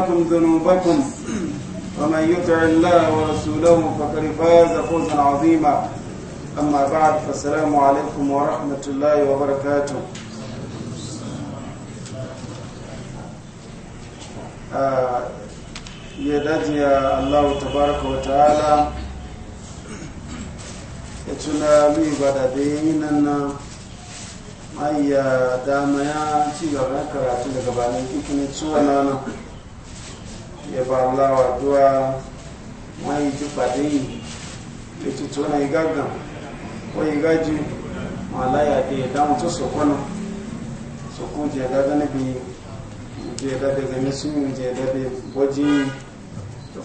لكم ذنوبكم ومن يطع الله ورسوله فقد فاز فوزا عظيما أما بعد فالسلام عليكم ورحمة الله وبركاته آه يدجي الله تبارك وتعالى يتنا مي بعد ديننا ما هي داميا تيغرنا كراتي لغبانين كيكني تسوانا yẹba aláwà dúwà wọ́n yìí ti pàdé yìí ètò tó náà igá gàn wọ́n yìí gá ju wọn aláyàdé ìdáhùn tó sọ̀kọ́ náà sọ̀kún jẹ́ dáadáa níbi jẹ́ dáadáa gẹ̀mí súnmù jẹ́ dáadáa bọ́jí tó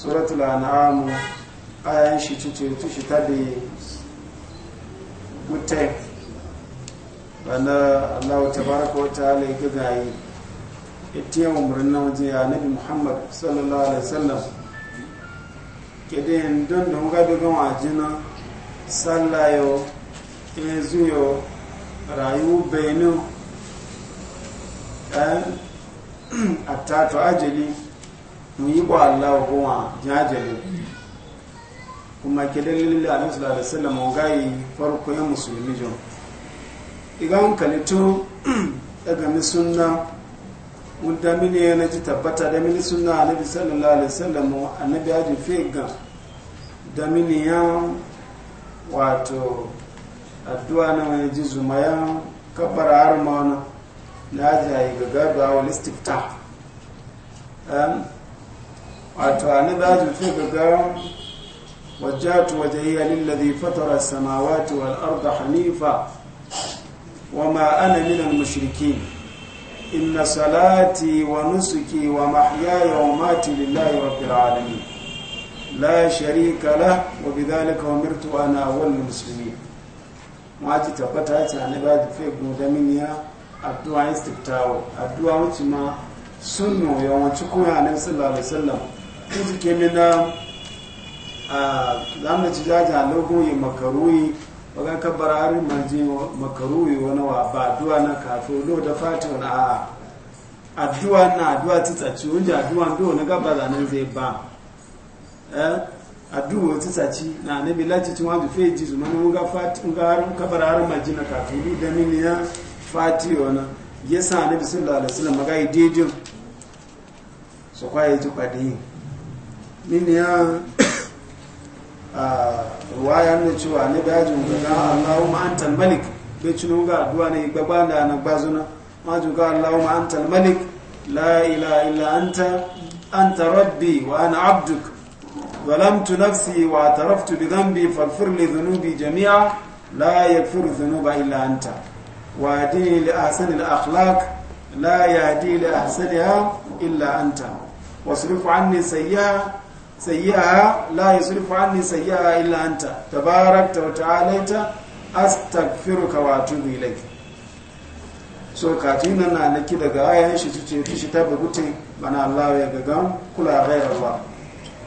suratul an'am ayan shi tu tushi ta da mutai bana allahu tabaraka wa ta'ala ya yi. ya tiya na waje ya nabi muhammad sallallahu alaihi wasallam yin don hunga da gama jina, sallayo ya zuyo rayu ɗan a tato ajali mu yi kwa allahu kuma jajali kuma ke dalilin da annabi sallallahu sallam wasallam gayi farko ya musulmi jon idan kalito daga mi sunna wanda mini na ji tabbata da mini sunna annabi sallallahu alaihi wasallam annabi ya ji fega da mini ya wato addu'a na mai ji zumaya kabbara har ma na jayi ga gaba wal istifta wato annabi ya ji fega وجهت وجهي للذي فطر السماوات والأرض حنيفا وما أنا من المشركين إن صلاتي ونسكي ومحياي وماتي لله رب العالمين لا شريك له وبذلك أمرت أنا أول المسلمين waji tabbata ce annaba da fe goda miniya addu'a istiftawo addu'a wuce ma sunno yawanci kuma annabi sallallahu alaihi wasallam kuke mina mu ci jaja yi makaruyi wajen kabbara harin marji makaruyi wani wa ba duwa na kafin lo da fatiwa na a addu'a na addu'a ta tsaci a addu'a do na gaba zanen zai ba eh, a ta tsaci na nabi lati tun wajen fe jisu mana wunga kabbara harin marji na kafin lo da miliyan fatiwa na ya sa na bi alaihi wasallam magayi daidai su kwaye ji kwadi miliyan ruwa ya ne cewa ne bayajin gaga Allahumma antal malik bai cinu ga addu'a ne ga bana na bazuna ma ju ga Allahumma antal malik la ilaha illa anta anta rabbi wa ana abduk ظلمت نفسي واعترفت بذنبي فاغفر لي ذنوبي جميعا لا يغفر الذنوب إلا أنت وهديني لأحسن الأخلاق لا يهدي لأحسنها إلا أنت واصرف عني سيئة sayyi'a la yusrifu anni sayyi'a illa anta tabarakta wa ta'alaita astaghfiruka wa atubu ilayk so katina na naki daga ayan shi ce kishi ta bugute mana Allah ya gaga kula ghayra Allah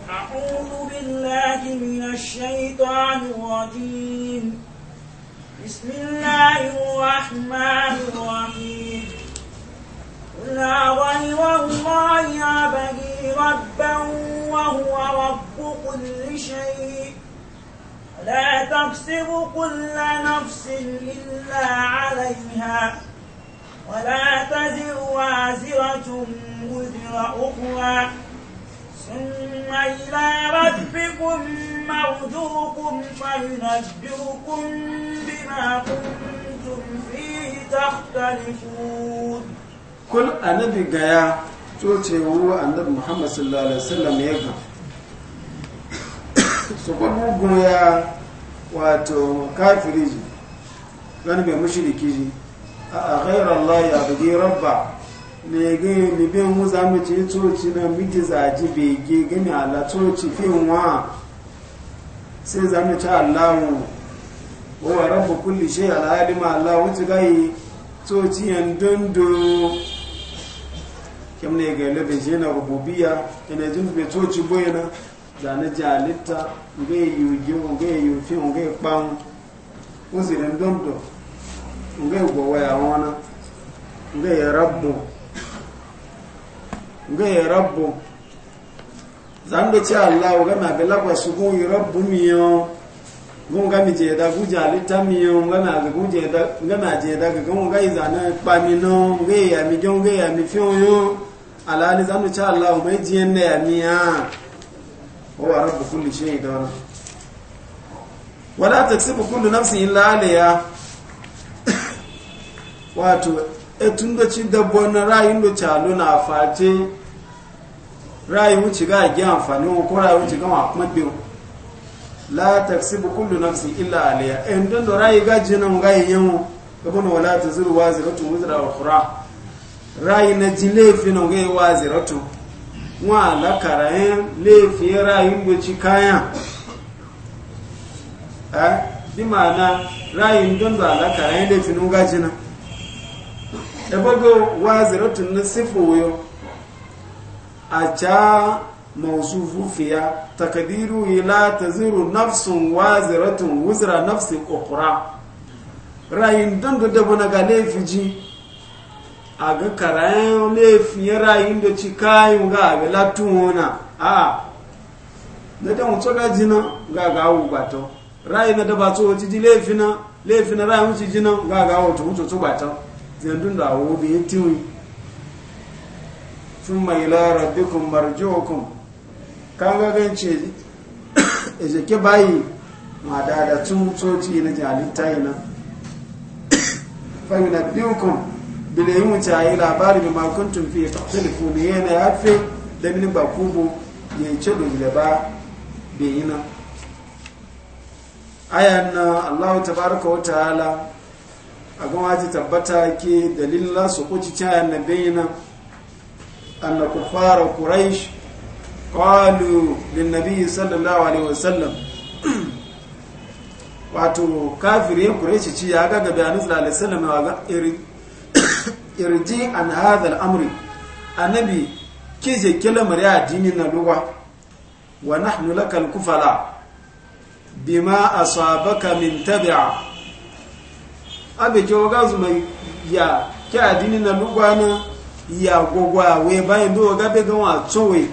a'udhu billahi minash shaitanir rajim bismillahir rahmanir rahim لا غير الله أبغي ربا وهو رب كل شيء لا تكسب كل نفس إلا عليها ولا تزر وازرة وزر أخرى ثم إلى ربكم مرجوكم فينبئكم بما كنتم فيه تختلفون kul annabi gaya coce wuru annabi muhammad sallallahu alaihi wasallam ya ga su kwa bugun ya wato kafiri ji gani bai mushriki ji a ghairar Allah ya bugi rabba ne ga ni bin mu za mu ci coci na miji zaji bege gani ala coci fin wa sai za mu ci Allahu wa rabbu kulli shay alima Allah wuce gai coci yan dundu kem ne ga labe je na rububiyya ina jin be toci boyena da na jalita ga yu gi ga yu fi si pan uzirin dondo ga go waya wana ga ya rabbu ga ya rabbu zan da ci Allah ga na ga lagwa su go yi rabbu miyo gun ga mi je da guja lita miyo ga na ga guje da ga na je da ga gun ga izana pa mi no ga ya mi jon ga ya mi fi yo alali zanu cha Allah mai jiyan na ya miya wa wa rabbu kulli shay dawara wala taksibu kullu nafsin illa alayha wato etun da ci dabbon rayun da chalo na face rayu wuce ga gi amfani ko rayu wuce ga ma kuma biyo la taksibu kullu nafsin illa alayha en don do rayu ga jinan ga yayin gabon wala tazuru waziratu wazra ukhra rayi na ji laifin ga yi wa ziratun wọn ala-kara laifin rayin gwaci kayan a eh, bi ma'ana rayin don da alakara yin laifin gajina ẹgbẹ́gbẹ́ e wa ziratun na sifoyo a ca mausufu fiya takadiru ila ta zuru nafsun wa ziratun wuzira nafsin kokura rayin don da dabo ga laifin ji a ga karayen laifin ya rayun da ci kayan ga a ga latun wana a na da mutu ga jina ga ga awu bato rayu na da ba tso ji na, laifina laifina rayun ci jina ga ga awu to mutu to bato zandun da awu bi yitiwi thumma ila rabbikum marji'ukum kan ga gance Ezeke ke bayi ma da da tun tsoci na jalita ina biyu yunabbiukum yi wuce a yi labari bi makuntun fi talifu da yana ya fi da mini ba kubu ya yi cedo da ba da yi na ayan na allahu tabaraka wa ta'ala a gama ji tabbata ke dalilin su kuci cayan na na an na kufara kuraish kwalu lin nabi sallallahu alaihi wasallam wato kafirin kuraishi ci ya gaga bayanin sallallahu alaihi wasallam irji an hadha amri annabi kije kelamar ya dinin na lugwa wa nahnu laka kufala bima asabaka min tabi'a abe joga zuma ya ke adini na lugwana ya gogwa we bayan do ga be ga wa tsowe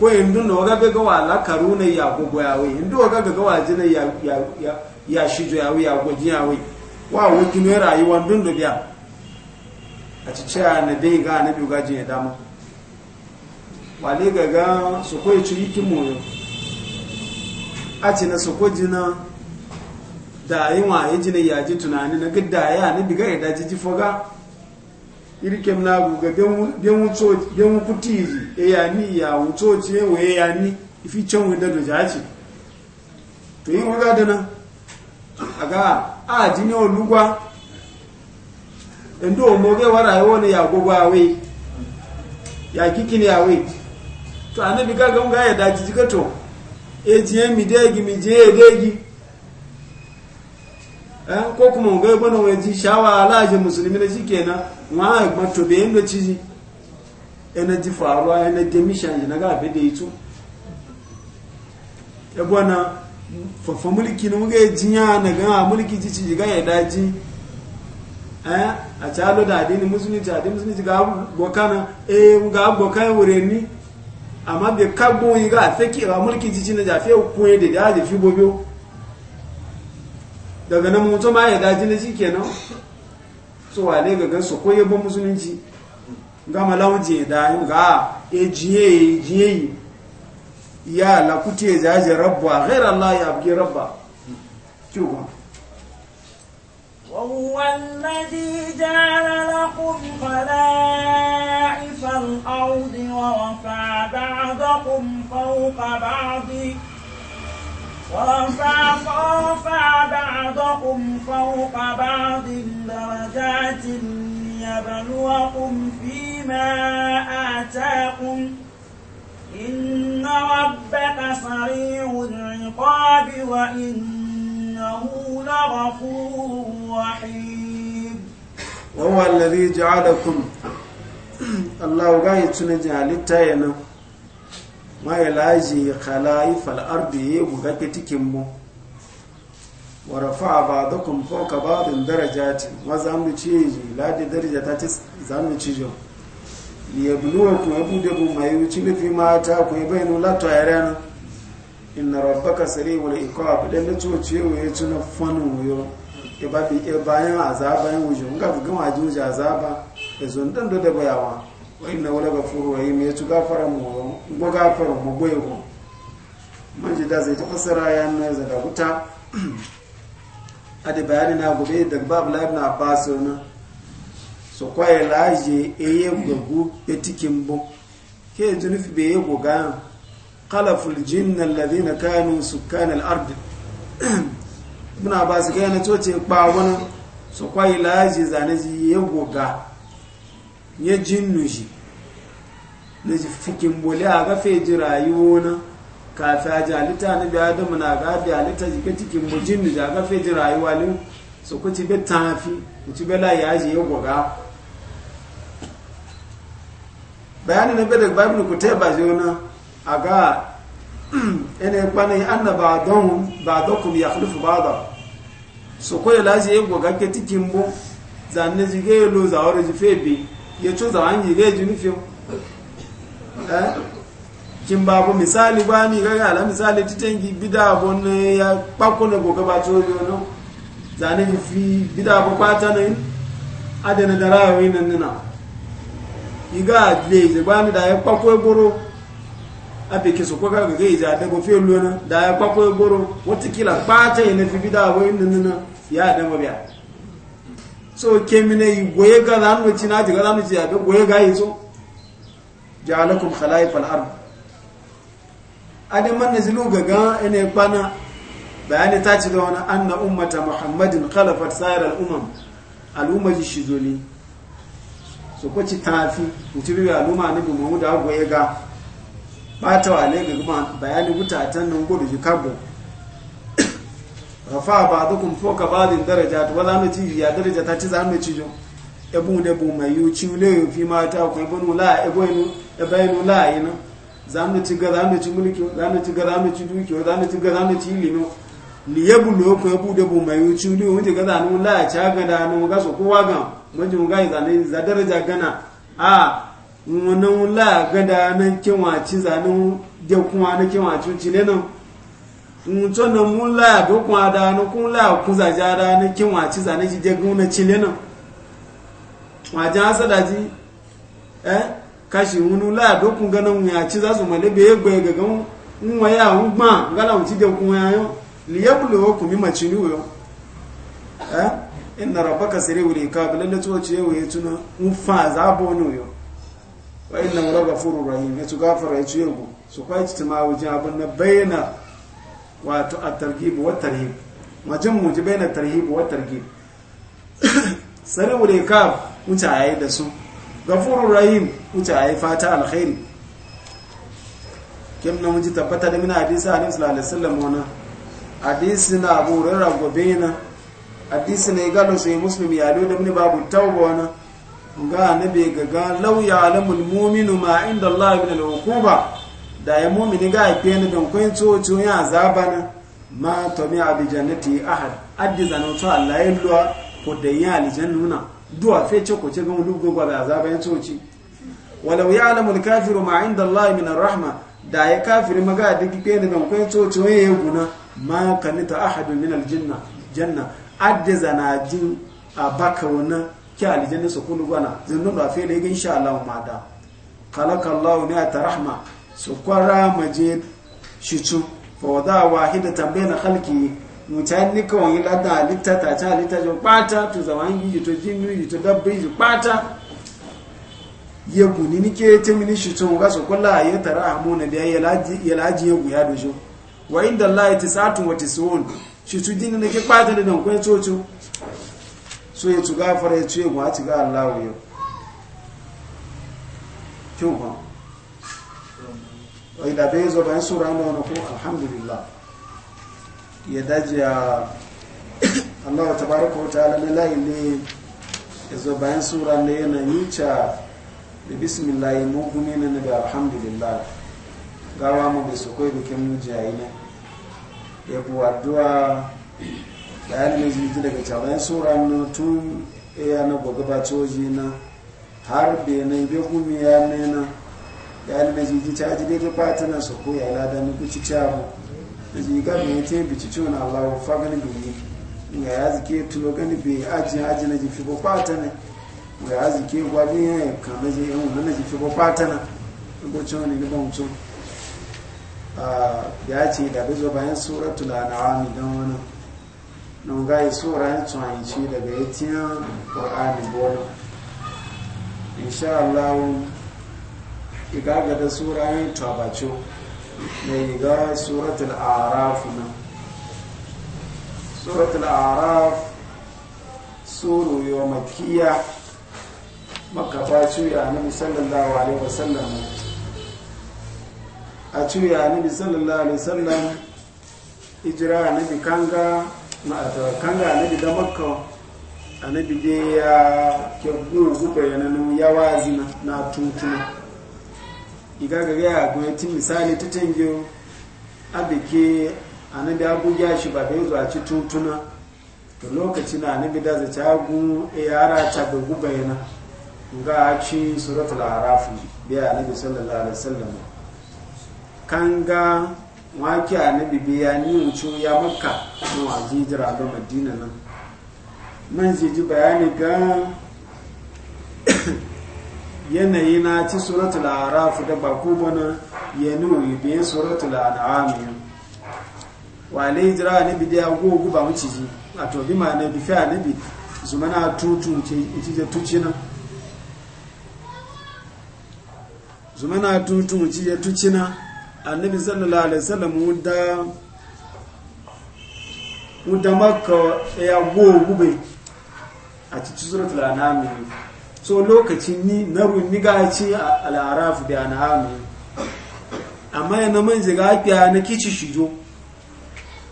ko indu no ga be ga wa la karuna ya gogwa we indu ga ga wa jina ya ya ya shijo ya we ya gojin ya we wa wuki ne rayuwa dundu biya a ci ce na dai ga na biyu gajin ya dama wale gaga su kai ci yi yau a ci na su koji na da yi wa yi jini ya ji tunani na gida ya na biga ya daji ji foga irikem na guga biyan wukuti ji e ya ni ya wuto ci yawa e ya ni ifi can wadda da jaci to yi wuga da nan a ga a jini olugwa ndo omoge wara wone ya gogo awe ya kikini awe to anabi gaga nga ya daji jikato ejiye midegi mijiye edegi eh ko kuma nga ya bana waje shawa alaje musulmi na shikenan wa ma to be ndo ciji ena ji faruwa ena demission yana ga be da ito ya bona fafa mulki ne muga ejiya na ga mulki ji ci ga ya ji Eh? a calo da adini musulunci adini musulunci ga gokana eh ga gokan wureni amma bai kagbo yi ga afeki ga mulki jici na jafe kuwa da da da fi bobiyo daga nan mutum ma ya daji na shi kenan so wale ga gan so koye ba musulunci ga malawunci ya da yi ga e jiye jiye ya lakuti ya jaje rabba ghaira allah ya abgi rabba kyuwa وهو الذي جعل لكم خلائف الأرض ورفع بعضكم فوق بعض ورفع فرفع بعضكم فوق بعض درجات ليبلوكم فيما آتاكم إن ربك سريع العقاب وإن إنه لغفور رحيم وهو الذي جعلكم الله قاية تنجع للتاينة ما يلاجي خلايف الأرض يغاكتكم ورفع بعضكم فوق بعض درجات وزعم تشيجي لا درجة تاتس زعم تشيجي ليبلوكم يبودكم ما يوتي في ما أتاكم يبينوا لا تعيرانا inna rabbaka sari'ul iqab da coci yo ya tuna fanin wuyo e ba bi e bayan azaba yin wujo nga ga gama juja azaba e zon dan do da bayawa wa inna wala ghafuru rahim ya tuga gafara mu go gafara mu goyo ko man ji da zai ta fasara ya na za da wuta ade bayani na gobe da babu la ibn abbas na so kwaye laje eye gogu etikin ke junufi be ye gogan خلف الجن الذين كانوا سكان الأرض ابن عباس كان توتي باونا سقوي لاجي زانجي يوغا يجنجي نجي فكين بولي أغا في جرايونا kafi a jalita na biya da muna ga jalita jike cikin mujin da jaga fe ji rayuwa ne su ku ci be tafi ku ci be layi aji ya goga bayani na bedek bible ku te ba jona aga ene kpanai anna ba'dahum ba'dakum yakhlifu ba'da so ko la je go ga ke tikin bo zanne ji ge lo za ore ji febi ye cho za an ge ji ni eh kin babu misali ba ni ga ala misali titengi bida ne ya pakko ne go ga ba to yo no zane ji fi bida bo pata ne adana darawi nan nina iga le je ba da ya pakko e boro abe ke so kwaga ga ija da bo fiye lona da ya kwakwa ya goro watakila kpata ya fi bida abu yin nuna ya da ma biya so ke mine yi goye ga na hannu ci na ji ga na hannu ci ya da goye ga yi so ja'alakum khalaifal ard adam man nazilu ga ga ene kwana bayani ta ci da wani anna ummata muhammadin khalafat sayar al'umam al'umma ji ne. so ko ci tafi mutubi al'umma ne bu mu da goye ga bata wa ne gama bayani gutatan nan gudu shi kabo rafa ba dukun foka ba din daraja ta wala no ci ya daraja ta ci zanu ci jo ebu ne bu mai uci ci yi fi ma ta ko ebu no la ebu inu ebu inu la ina zanu ci ga zanu ci mulki zanu ci ga zanu ci duki zanu ci ga zanu ci ilimi ni yebu lo ko ebu de bu mai yi ci le wonje ga zanu la cha ga da no ga so kowa ga mun ji ga zanu za daraja gana a wani la gada nan kewaci na da kuma na kewaci cile nan mutu na mun la ga kuma da na kun la kuza ja da na kewaci ji na cile nan wajen hasada ji eh kashi wani la ga kun ganin ya ci za su gbe ga nwa ya hun gba gala wuci da ya yau liyabulo ku mi macini wuyo eh inna rabbaka sirri wuri ka bilalle tuwa ciye wuye tuna mun fa za bo ni wa inna mu raga furu rahim ya su gafara ya ci yau su kwa ci tuma wajen abin na bayyana wato a tarhibu wa tarhib majin mu ji bayyana tarhibu wa targib sare wuri ka wuce a yi da su gafuru rahim wuce a yi fata alkhairi kim na muji tabbata da mina hadisi a nisla alisallam wana hadisi na abu rarra gobe na hadisi na igalo su yi musulmi yalo da mini babu tauba wani ga nabi gaga law ya'lamul mu'minu ma inda Allah min al-uquba da ya mu'mini ga ke ne don koyin tsoci ya azaba na ma tami abi jannati ahad addi zanan to Allah ya luwa ko da ya aljannuna duwa fe ce ko ce ga lugo ga azaba ya tsoci walau ya'lamul kafiru ma inda Allah min ar-rahma da ya kafiri ga duk ke ne don koyin tsoci ya guna ma kanita ahadun min al-janna janna addi zanajin abaka wannan ki aljanna su kunu gwana zinnu da fe da insha Allah ma da kalaka Allah ne ta rahma su kwara maje shicu fa wada wahida tambayna khalqi mutani kawai yi lada litta ta ta litta jo pata to zaman yi to jinnu yi to dabbe yi pata yegu ni nike temini shicu ga su kula ya tarahamu na da ya laji ya laji yegu ya dojo wa inda Allah tisatu wa tisun shicu jinnu ne ke pata da dan kwai cocu so ya tuga fara ya ci mu a ciga Allah yau kyau ba wai da bai zo bayan sura na wani ko alhamdulillah ya daji a Allah ta baraka wa ta'ala na layi ne ya zo bayan sura na yana nica da bismillah mu gumi na da alhamdulillah gawa mu bai su kai bikin mujiyayi ne ya buwa duwa bayanin ne jiji daga cabayin sura na tun iya eh, na gwagwaba coji na har benin bai gumi ya nena yayin na jiji ta ji daidai fata na su ko ya lada ni kuci cabu da jiga mai ta yi bici ciwon allahu fagan biyu ga ya zike tulo gani bai aji aji na jifi ko fata ne ga ya zike gwabi ya yi kama na yi wani eh, na jifi ko fata na ko ciwon ne ni ciwon ah, ya ce da bai zo bayan suratul wani dan wani nun ga yi tsoron tsohonci daga yatiyan ƙorani bono insha Allah igaga da tsoron tabacho na iga suratul arafu na suratul araf suru yau makiya makafa cuya na sallallahu alaihi wasallam a cuya na sallallahu alaihi wasallam hijira na bikanga kanga anabi da makka anabi de ya kyabun zuba yananu ya wazina na tuntuna igaga ya gwamnati misali ta tangiyo abike anabi abuja shi ba bai zuwa ci tuntuna to lokaci na anabi da zai cagu yara e ta bai guba yana ga ci suratul arafu biya anabi sallallahu alaihi wasallam kanga waki a bibi ya ni wucu ya maka na a jira ga madina nan man ji bayani ga yanayi na ci suratul araf da ba ku bana ya nuyi biyan suratul wa ne jira ne bibi da gugu ba wuce ji a to bi ma na bifi a na bi zuma na tutu ci da tuci na zuma na tutu ci da tuci na annabi sallallahu alaihi wasallam wuda wuda maka ya gube a cikin suratul anam so lokacin ni na runni ga ci al-araf da anam amma yana ji ga fiya na kici shijo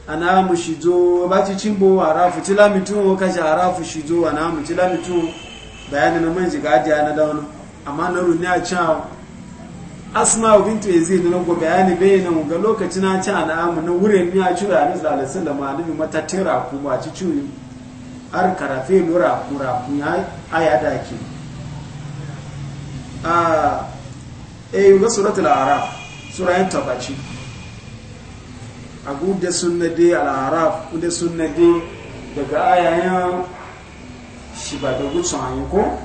anam shijo ba ci cimbo arafu ka kashi arafu shijo ci lamitu bayanin na ga jiga na da wani amma na runni a can asma bintu yazid na go bayani bayanan ga lokaci na ci al'amu na wurin ya ci da annabi sallallahu alaihi wasallam annabi mata tira ku ba ci ci har karafe lura kura ku ya aya da ke a eh ga suratul araf sura ta tabaci abu gude sunna dai al-araf gude sunna dai daga ayayen shi ba da gutsan ko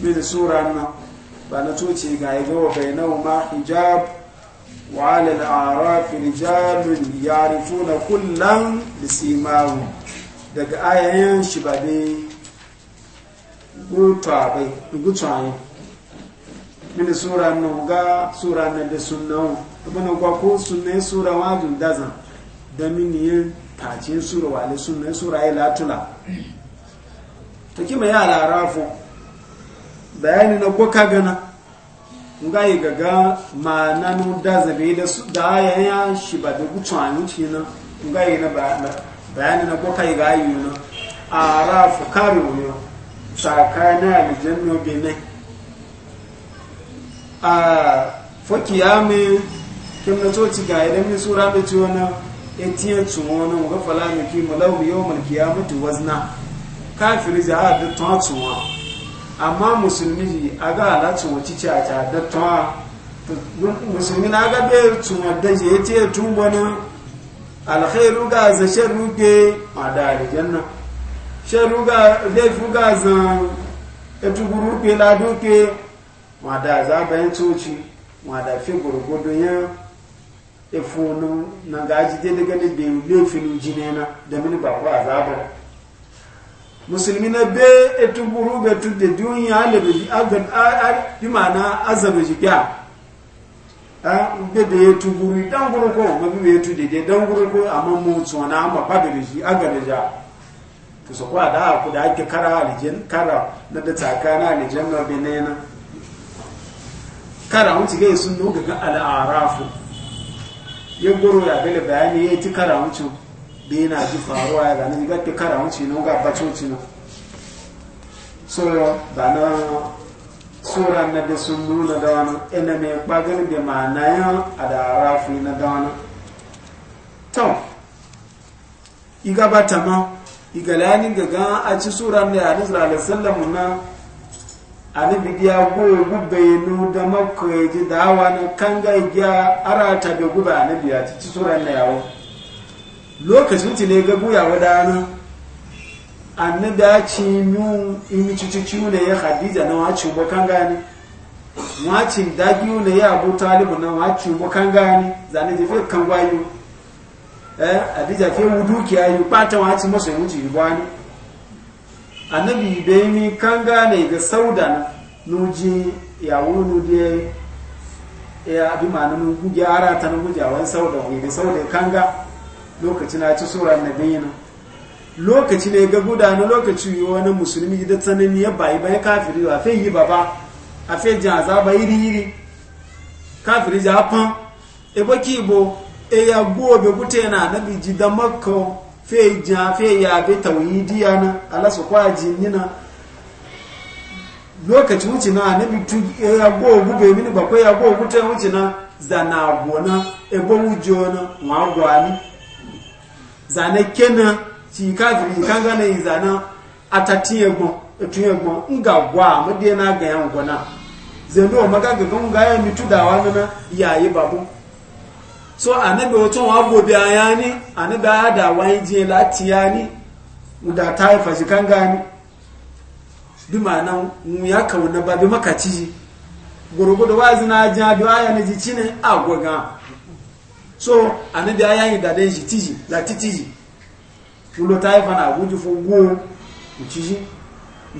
me da sura nan ba na toce ga yi zo bai na ma hijab wa alal arafi rijalun yarifuna kullan bisimawu daga ayayen shi ba ne gutsaye mini sura na ga sura na da sunnawo abin kwa ko sunnai sura wajin dazan da mini yin tace sura wale sunan sura ya latula ta kima ya larafu bayani na gwaka gana nga yi gaga ma na nuda zabe da su da yaya shi ba da gutsu a nuci na nga yi na bayani na gwaka yi ga yi na a rafu kare wuyo tsakanin alijan no benin a ya fakiyami kimnatoci ga idan min sura da ci wani etiyan e tsumonin ga falami ki malawi yau mulki ya mutu wazna kafin ja a da tuwa amma musulmi a ga na tsuwa cice a ta dattuwa musulmi na ga bai tsuwa da je ya ce tun wani alkhairu ga za sharru ge a da aljanna sharru ga laifu ga za ya tuguru ke lado ke ma da za bayan tsoci ma da fi gurgudu ya efonu na gaji daga da bai laifin jinena da mini ba ko azabar musulmi na be etu buru be tu de duniya le be di agan di mana azabe ji kya a be de etu buru dan guru ko ma be etu de de dan guru ko amma mu tsona amma ba be ji agan ja to so kwa da ku da ake kara aljin kara na da tsakana aljin na be nena kara mun ci ga sun no ga al'arafu ya goro ya bele bayani ya ti kara mun da ji faruwa ya zane ga ta kara wuce nan ga wuce nan so ba na sura na da sun nuna da wani ina mai kwagar da ma'ana yan a da rafi na da wani tom iga ta ma igalani ga gan a ci sura na ya nisra da sallamu na anabi diya goyo gubbayenu da ji da hawa na kanga igiya arata da guba anabi ya ci sura na yawon lokacin ti ne ga buya wa dano an na ci min in cicici ne ya Hadiza na wacin ci gani wacin ci dagi ne ya abu talibu na wacin ci gani zane je fi kan wayo eh adija fe wudu ki ayi pata wacin ci maso wuji bwani annabi be mi kan gane ga sauda nuji ya wunu de ya abi ma na mu gyara ta na gujawan sauda ne sauda kanga lokaci na ci sura na bayyana lokaci ne ga gudanar lokaci yi wani musulmi da tsanani ya bayi bayan kafiri a fe yi baba a fe jan zaba iri iri kafiri ja ebe ebo kibo e ya gobe gute na nabi ji da makko fe jan fe ya be tawhidiya na ala kwaji nina lokaci wuce na nabi tu e ya gobe gube mini bakwai ya gobe gute wuce na zana gona ebo wujo na wa gwani zane kenan ci kafiri kan gane yi zane a tatin egbon etun egbon nga gwa mede na ga yan gona zendo maga ga kan ya yan mitu da wa nana yayi babu so otu oto wa go bi ayani anabi da wa ji lati yani da ta fa shi kan gani bi ma'ana mu ya kauna ba bi makaci gurgudu wa zina na aya ne ji cine agwaga so anabi ayayin da dai jitiji za titiji ulo taifa na aguji fo wo uchiji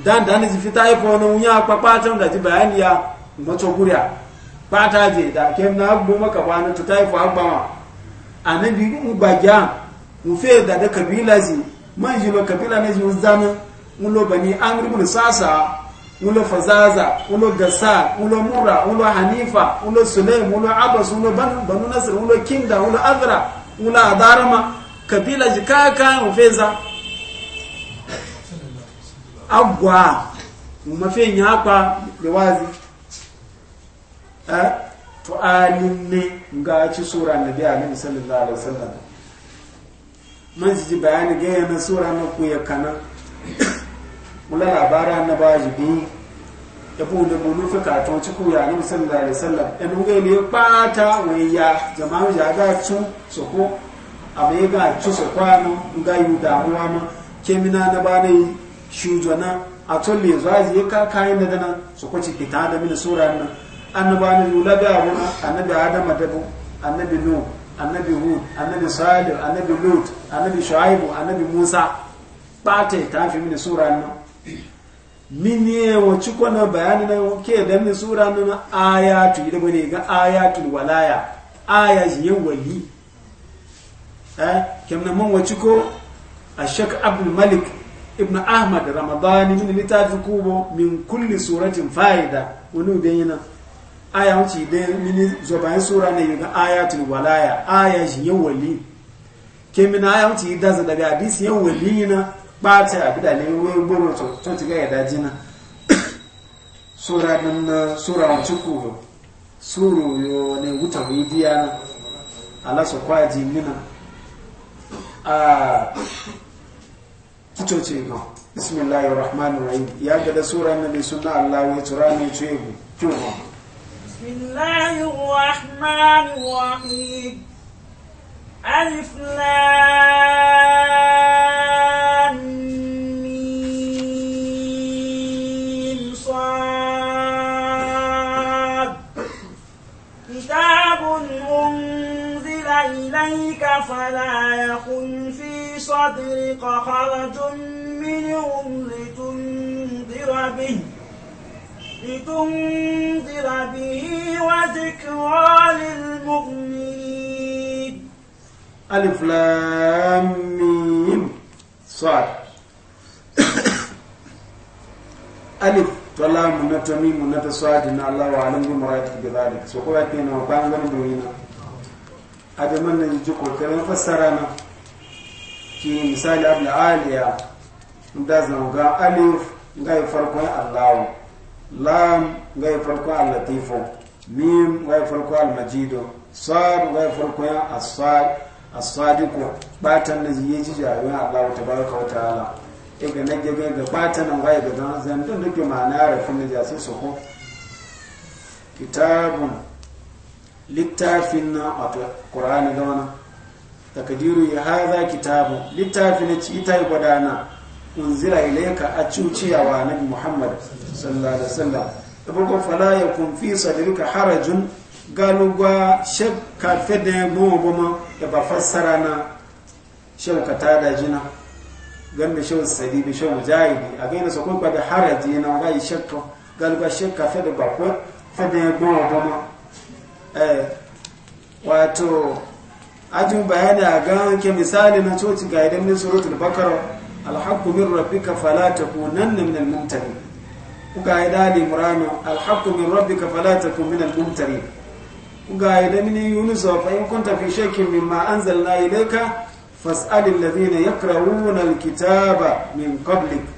dan dan ji fita ifo no unya papa tan da ji bayani ya mato guriya pata je da kem na agbo maka bana to taifa agbawa anabi ubagya mu fe da da kabila zi man jilo kabila ne zi zana mun bani amri mun sasa ulo fazaza ulo gasa ulo murra ulo hanifa ulo sulaim ulo abbas ulo banu banu nasr ulo kinda ulo adra ulo adarama kabila jikaka ufeza agwa mumafenya akwa liwazi eh to alinne ga ci sura nabi alaihi sallallahu alaihi wasallam man ji bayani ga yana sura na ku ya kana mula labara na ba bi ya bu da bulu fi katon ciku ya nabi sallallahu da wasallam ya nuga ne bata wai ya jama'a ya ga cu soko a mai ga cu soko ga yi damuwa ma kemina na ba shujo na a le zuwa ji ka kayan da dana soko ciki ta da mini sura nan annabawan lula da abu annabi adama da bu annabi nu annabi hud annabi salih annabi lut annabi shu'aibu annabi musa bata ta fi mini sura nan miniye wacce kwana bayani na ke dan ni sura nan ayatu ida bane ga ayatul walaya aya yin wali eh kamna man wacce ko ashak abdul malik ibn ahmad ramadan min litafi kubo min kulli suratin faida wani yi yana aya wacce da mini zobayin sura ne ga ayatul walaya aya yin wali kemina aya wacce da daga hadisi yin wali na ɓata abida ne wai gboro to ti ga yada jina sura nan na sura wancin kuro suru yo ne wuta yi diya na ala su kwaji aa a kitoce ga bismillahir rahmanir rahim ya ga da sura nan sunna allah ya tura ne ce ku kuma bismillahir rahmanir rahim alif lam ولا يكن في صدرك حرج منهم لتنذر به لتنذر به وذكرى للمؤمنين ألف لام ميم صاد ألف تلام نتميم نتصاد إن الله أعلم بمراتك بذلك سوف يكون وكان غنبوينا adaman nan ji kokarin fassara nan ki misali abu aliya da zanga alif ga farkon allahu lam ga farkon allatifu mim ga farkon almajido sad ga farkon asad asadiku batan da ji ji jayoyin allahu tabaraka wa ta'ala e ga nage ga ga batan nan ga ga zan dan dake ma'ana rafin da jasi su ko kitabun littafin na wato ƙorani da wani takadiru ya haza kitabu littafin na cita ta yi gwadana unzira ilaika a cuciyawa na muhammad sallallahu alaihi wasallam da bugun fala ya kumfi sadirka harajun galugwa shakka fede goma goma da ba fassara na shakka ta da jina gan da shawar da shawar jahidi a gaina su kuma da haraji na wani shakka galugwa shakka fede ba ko fede goma goma Eh, wato ajin bayani a gan ke misali na coci ga idan min suratul bakara alhaqqu min rabbika fala takunanna min al-mumtarin kuga ida ali imran alhaqqu min rabbika fala takun min al-mumtarin kuga ida min yunus fa in kunta fi shakkin mimma anzalna ilayka fas'al alladhina yaqra'una al-kitaba min qablik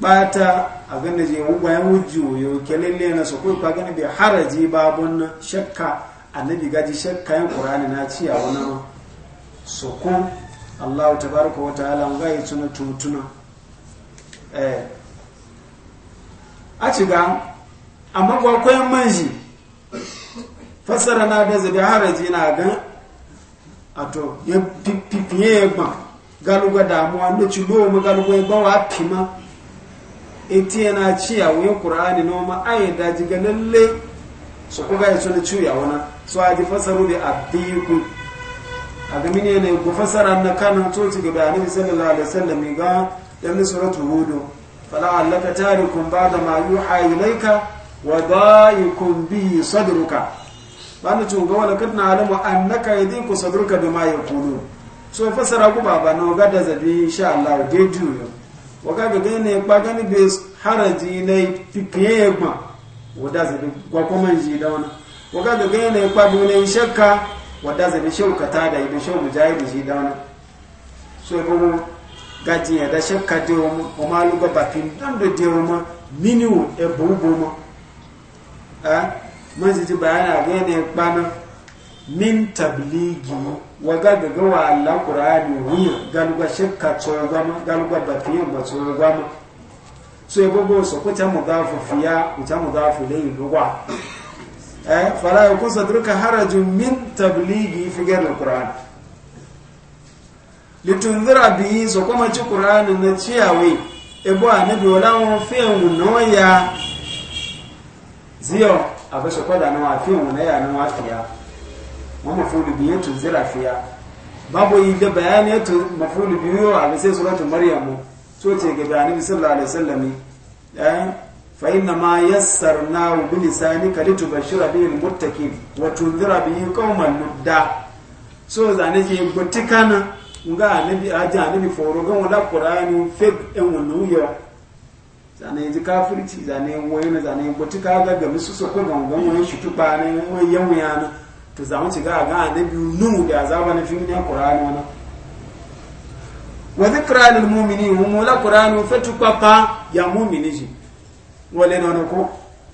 bata a ganin je bayan wujiyo yau kelele na su kuwa ganin bai haraji babon na shakka nabi gaji shakka yin qur'ani na ci a wani ma su ku allahu tabarika wa ta'ala ga yi tuna tutuna eh. a ci ga amma kwa manji fassara na da zabi haraji na gan a to ya fifiye ya gba galuga damuwa da ci lo mu galuga ya bawa fima inti yana ciya wuyan ƙura'ani no ma ayi da jiga lalle su kuka ya suna cuya wana su a ji fasaru da abdiku a ga mini ne ku fasara na kanan to ci ga bayanin sallallahu alaihi wasallam ga dan suratul hudu fala allaka tarikum ba'da ma yuha ilayka wa da'ikum bi sadruka bani tun ga wala kadna dinku annaka yadiku sadruka bima yaqulun so fasara ku baba no ga da zabi insha Allah dai juyo wọ́gá gẹ̀gẹ́ ní ipa gẹ́ni bí haraji ilẹ̀ fìkìyẹ́ ẹgbọ̀n wọ́dá zẹ̀bi gbọ́kọ́mọ̀ yìí dáwọn wọ́gá gẹ̀gẹ́ ní ipa bí ilẹ̀ iṣẹ́ ka wọ́dá zẹ̀bi ṣẹ́wù kàtà dà ibi ṣẹ́wù mùjáyìdì yìí dáwọn so ẹ gbogbo gaji ẹ̀dá ṣẹ́ka dé ọmọ ọmọ alúgbà bàfin dáńdọ̀ dé ma mínú ẹ̀bùn bọ́mọ ẹ́ mọ́ min tabligi wa gaga ga wa Allah Qur'ani wuyi galuga shakka tsoyo gama galuga bafiyan ba tsoyo gama so yabo go so ko tamu gafu fiya ko tamu gafu lay lugwa eh fala yakun sadruka harajun min tabligi fi gar Qur'an litunzira bi so kuma ci Qur'ani na ciyawe ebo anabi wala won fi no ya ziyo abaso kwada na wa fi na ya na wa fiya wa mafulu biyu tunzira fiya babu yi da bayani to mafulu biyu a bisa sai suratul maryam so ce ga bayanin sallallahu alaihi wasallam eh fa inna ma yassarnahu bi lisanika litubashshira bihi almuttaqin wa tunzira bihi qauman ludda so zane ke gotikana nga anabi aja anabi foro gan wala qur'ani fek en wannan yo zane ji kafirci zane wayna zane gotika ga ga misu so ko gan gan wani shi tuba ne wani yamu yana to zamu ci ga ne bi nu da azaba ne fimini alqur'ani wana wa dhikra lil mu'minin hum la qur'an fa papa ya mu'mini ji wale na ko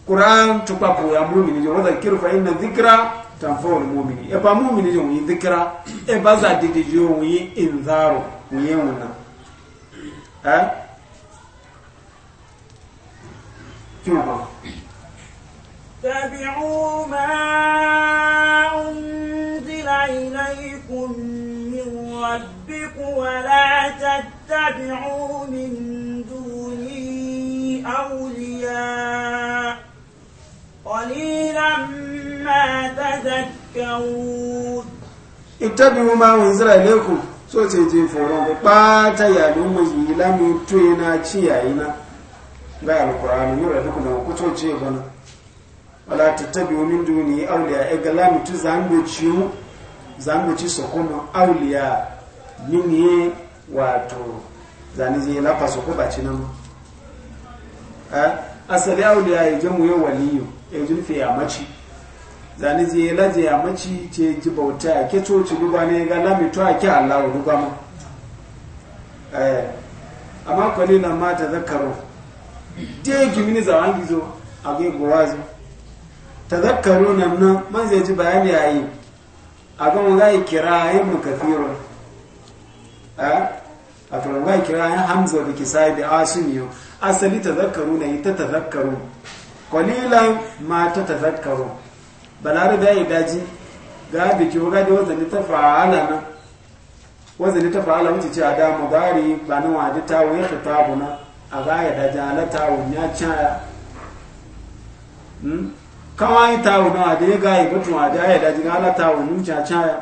qur'an tu ya mu'mini ji wa dhakiru fa inna dhikra tanfa'u lil mu'mini e pa mu'mini ji wi dhikra e ba za de ji wi inzaru wi yuna eh واتبعوا ما أنزل إليكم من ربكم ولا تتبعوا من دونه أولياء قليلا ما تذكرون اتبعوا ما أنزل إليكم so ce je foron ku ɓata yalin mai yi lamin tuyi na ciyayi na ga alkur'ani yau da duk da ku ce bana wala tattabi'u min duni awliya e gala mi tu zango ciu zango ci sokoma awliya nini wato zani je la pa sokoba ci nan a asali awliya e jamu ya waliyo, e julfi ya maci zani zai la je ya maci ce ji bauta ke coci ci duba ne gala mi to ake Allah ruba ma eh amma kwalina ma ta zakaru je gimini zawangizo a ga gowazo tazakkaru nan nan man zai ji bayani ya yi a kan za yi kira yin mukafiro a kan za yi kira yin hamza da kisa da asuniyo asali tazakkaru na yi ta tazakkaru kwalilan ma ta tazakkaru balare da ya daji ga biki wa gadi wazani ta fa'ala nan wazani ta fa'ala wuce ce a damu gari ba na wadi ta wuya ta tabu na a ga ya daji halatta wunya caya hmm? kawai tawo a da ya gaye batun a da ya daji gala tawo nun cacaya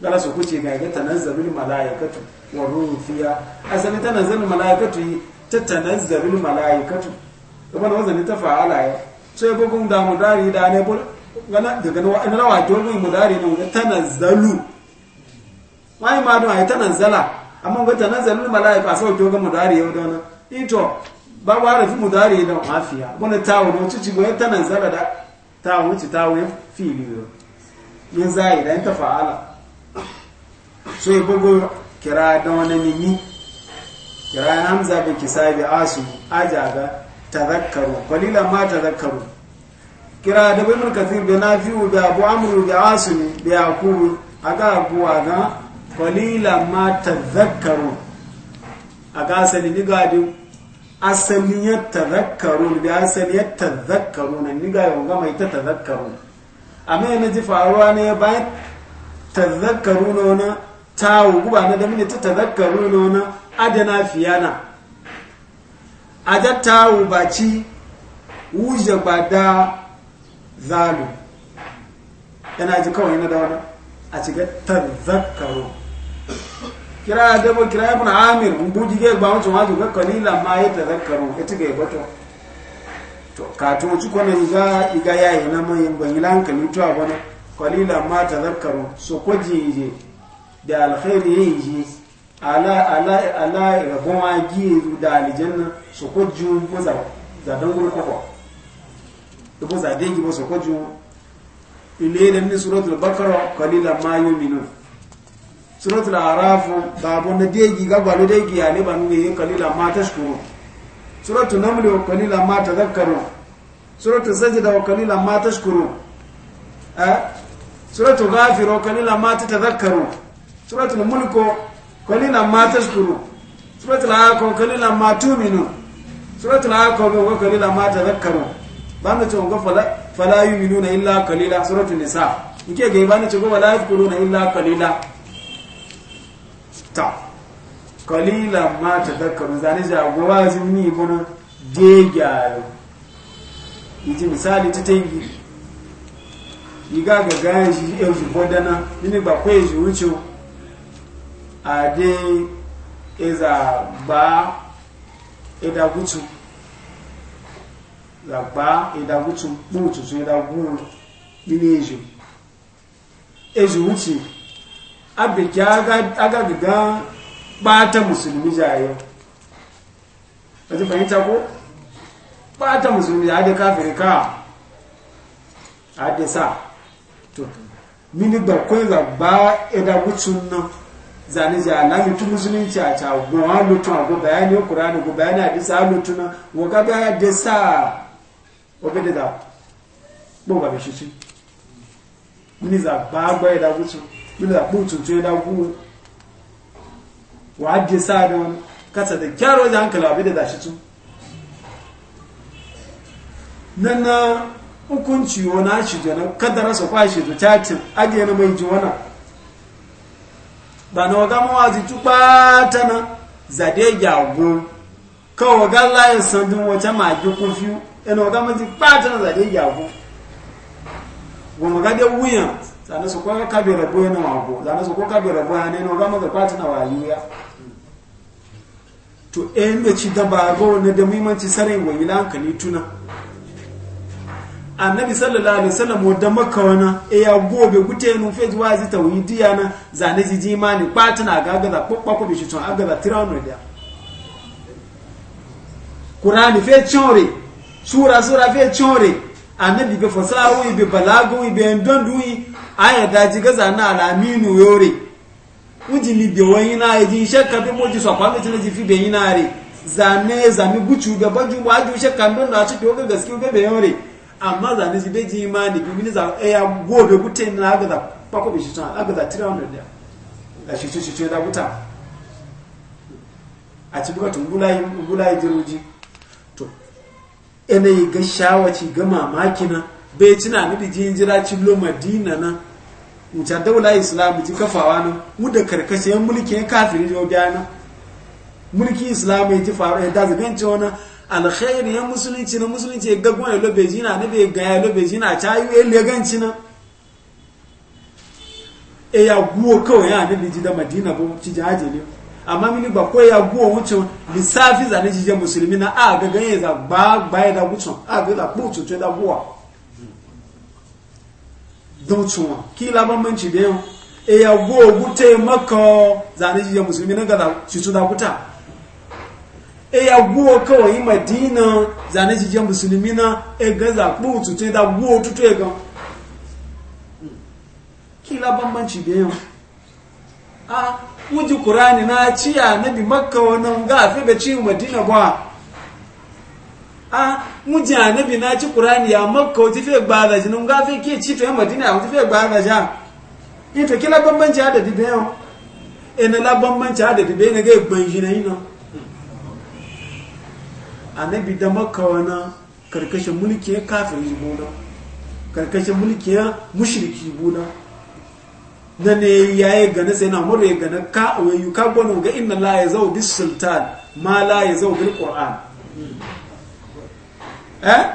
gara su kuce ga ga tanazzalul malaikatu wa ruhu fiya asali tanazzalul malaikatu ta tanazzalul malaikatu kuma wannan ta fa'ala ya sai bugun da mu dari da ne bul gana daga na wa'in rawa jolu mu dari ne tanazzalu wai ma don ai tanazzala amma ga tanazzalul malaikatu sai ga mu dari yau da na ito ba wa da fi mudari da mafiya wani tawo na wuce cikin ta nan zara da tawo wuce tawo ya fili yo yin zai da ta fa'ala so ya bugu kira da wani nini kira ya hamza bin bi asu ajaga tazakkaru kwalila ma tazakkaru kira da fi kathir bin nafi'u bi abu amru bi asim bi a ga abu ga kwalila ma tazakkaru ga sani ni gadi asali ya tazakkaru da asali ya tazakkaru na niga yau gama ita tazakkaru amma yana ji faruwa ne bayan tazakkaru na wani tawo guba na da mini ta tazakkaru na wani adana fiyana aja tawo baci wuje gbada zalu yana ji kawai na da wani a cikin tazakkaru kira da ba kira ibn amir mun buji ge ba wancan wajo ga kalila ma ya tazakkaru ita ga bato to ka to ci ko nan ga iga yayi na mun yin ban yilan kan to a bana kalila ma ta tazakkaru so ko jije da alkhairi yayi ala ala ala ga goma gi da aljanna so ko ju ko za za dan gurin ko ko za dangi ba so ko ju ile da ni suratul baqara kalila ma yu'minun suratul arafu babu na degi ga gwalo degi ya ne banu ne kalila ma tashkuru suratul naml wa kalila ma tadhakkaru suratul sajda wa kalila ma tashkuru eh suratul ghafir wa kalila ma tadhakkaru suratul mulk wa kalila ma tashkuru suratul alaq wa kalila ma tu'minu suratul alaq wa kalila ma tadhakkaru banda ce ga fala fala yu'minuna illa kalila suratul nisa nke ga ban ce ga wala yadhkuruna illa kalila ta kalilan ma ta zakaru zane jagowa zimni de gegyayo iji misali ta tengi iga ga ganji euji bodana nini ba kweji wucho ade eza ba edagutu za ba edagutu mutu sun edagun nini eji eji wuce abu abiki aga giga bata musulmi jayo ba ta fahimta ko bata musulmi jayo kafiri ka adisa to mini da gbakwai zagba edagucin nan zane ji alami tu musulunci a ca gbawa lutun a go bayani kurani go bayani hadisa lutu na waga ga adisa obede da gbogbo abishishi mini zagba gba edagucin bila ku tutu da ku wa adde sadon kasa da kyaro da hankala bi da dashi tu nan na hukunci wona shi jona kadara su kwa shi tucacin aje na mai jona ba na waga mawazi tupa ta na zade gyago kawo waga layin sandun wata magi kofi ina waga mazi pata na zade gyago goma ga dai wuyan zana su kwa kabe rabo yana wako zana su kwa kabe rabo yana yana to ɗayan eh, da ci daba ga wani da muhimmanci sarin wani lankali tuna annabi sallallahu alaihi wasallam wadda maka wani e eh, ya gobe gute nun fe zuwa zai ta na zane ji ji ma ne kwatina ga agaza kwakwa ko bishi tun agaza tirano da kurani fe chore sura sura fe chore annabi be fasahu be balagu be ndondu aya daji gaza na alaminu yore uji libe wani na yaji shakka bi moji so kwanda tana ji fi be yi na re zane zami gucu ga wa waju shakka don na ci ga gaske ga be yore amma zane ji be ji imani bi mini za e ya gobe gute na ga da pako bi shi tana aga da 300 da da shi shi shi da guta a ci yi tumbulai tumbulai jiruji to ene ga shawaci ga mamakina bai ci na nufi jin jira cillo madina nan mutar daula islamu ji kafawa na mu da karkashin mulkin kafirin yau biya mulki islamu ya ji faru ya dazu ganci wani alkhairi ya musulunci na musulunci ya gaggon ya lobe jina na bai gaya lobe jina ta yi ya leganci na e ya guwo kawai ya nabi ji da madina ba ci jaje ne amma mini ba ko ya guwo wucin lissafi zane jije musulmi na a ga ganye za ba ya da wucin a ga za kucu ce da guwa don tsuwa kila bambanci da yau eya ya go gute maka zane jiya musulmi na gaza cutu da guta e ya go kawai madina zane jiya musulmi na e gaza kuma cutu da go tutu e gan kila bambanci da yau a wuji kurani na ciya na nga maka wannan ga ma da na madina a ji a náà na kùránì yà mọ́kà ò ti fẹ́ gba àdàjì ní nga fẹ́ kí èchí fẹ́ mọ̀dínà ò ti fẹ́ kila àdàjì a da dibe yau ina la o ẹni da dibe na ní gẹ́gẹ́ gbọ̀n yìí nìyí náà ànábì da makka wana karkashin mulki ya kafin jibuna karkashin mulki ya mushriki buna na ne ya yi gane sai na mura ya gane ka wayu ka gwanu ga inna la ya zau bis sultan ma la ya zau bil qur'an Eh?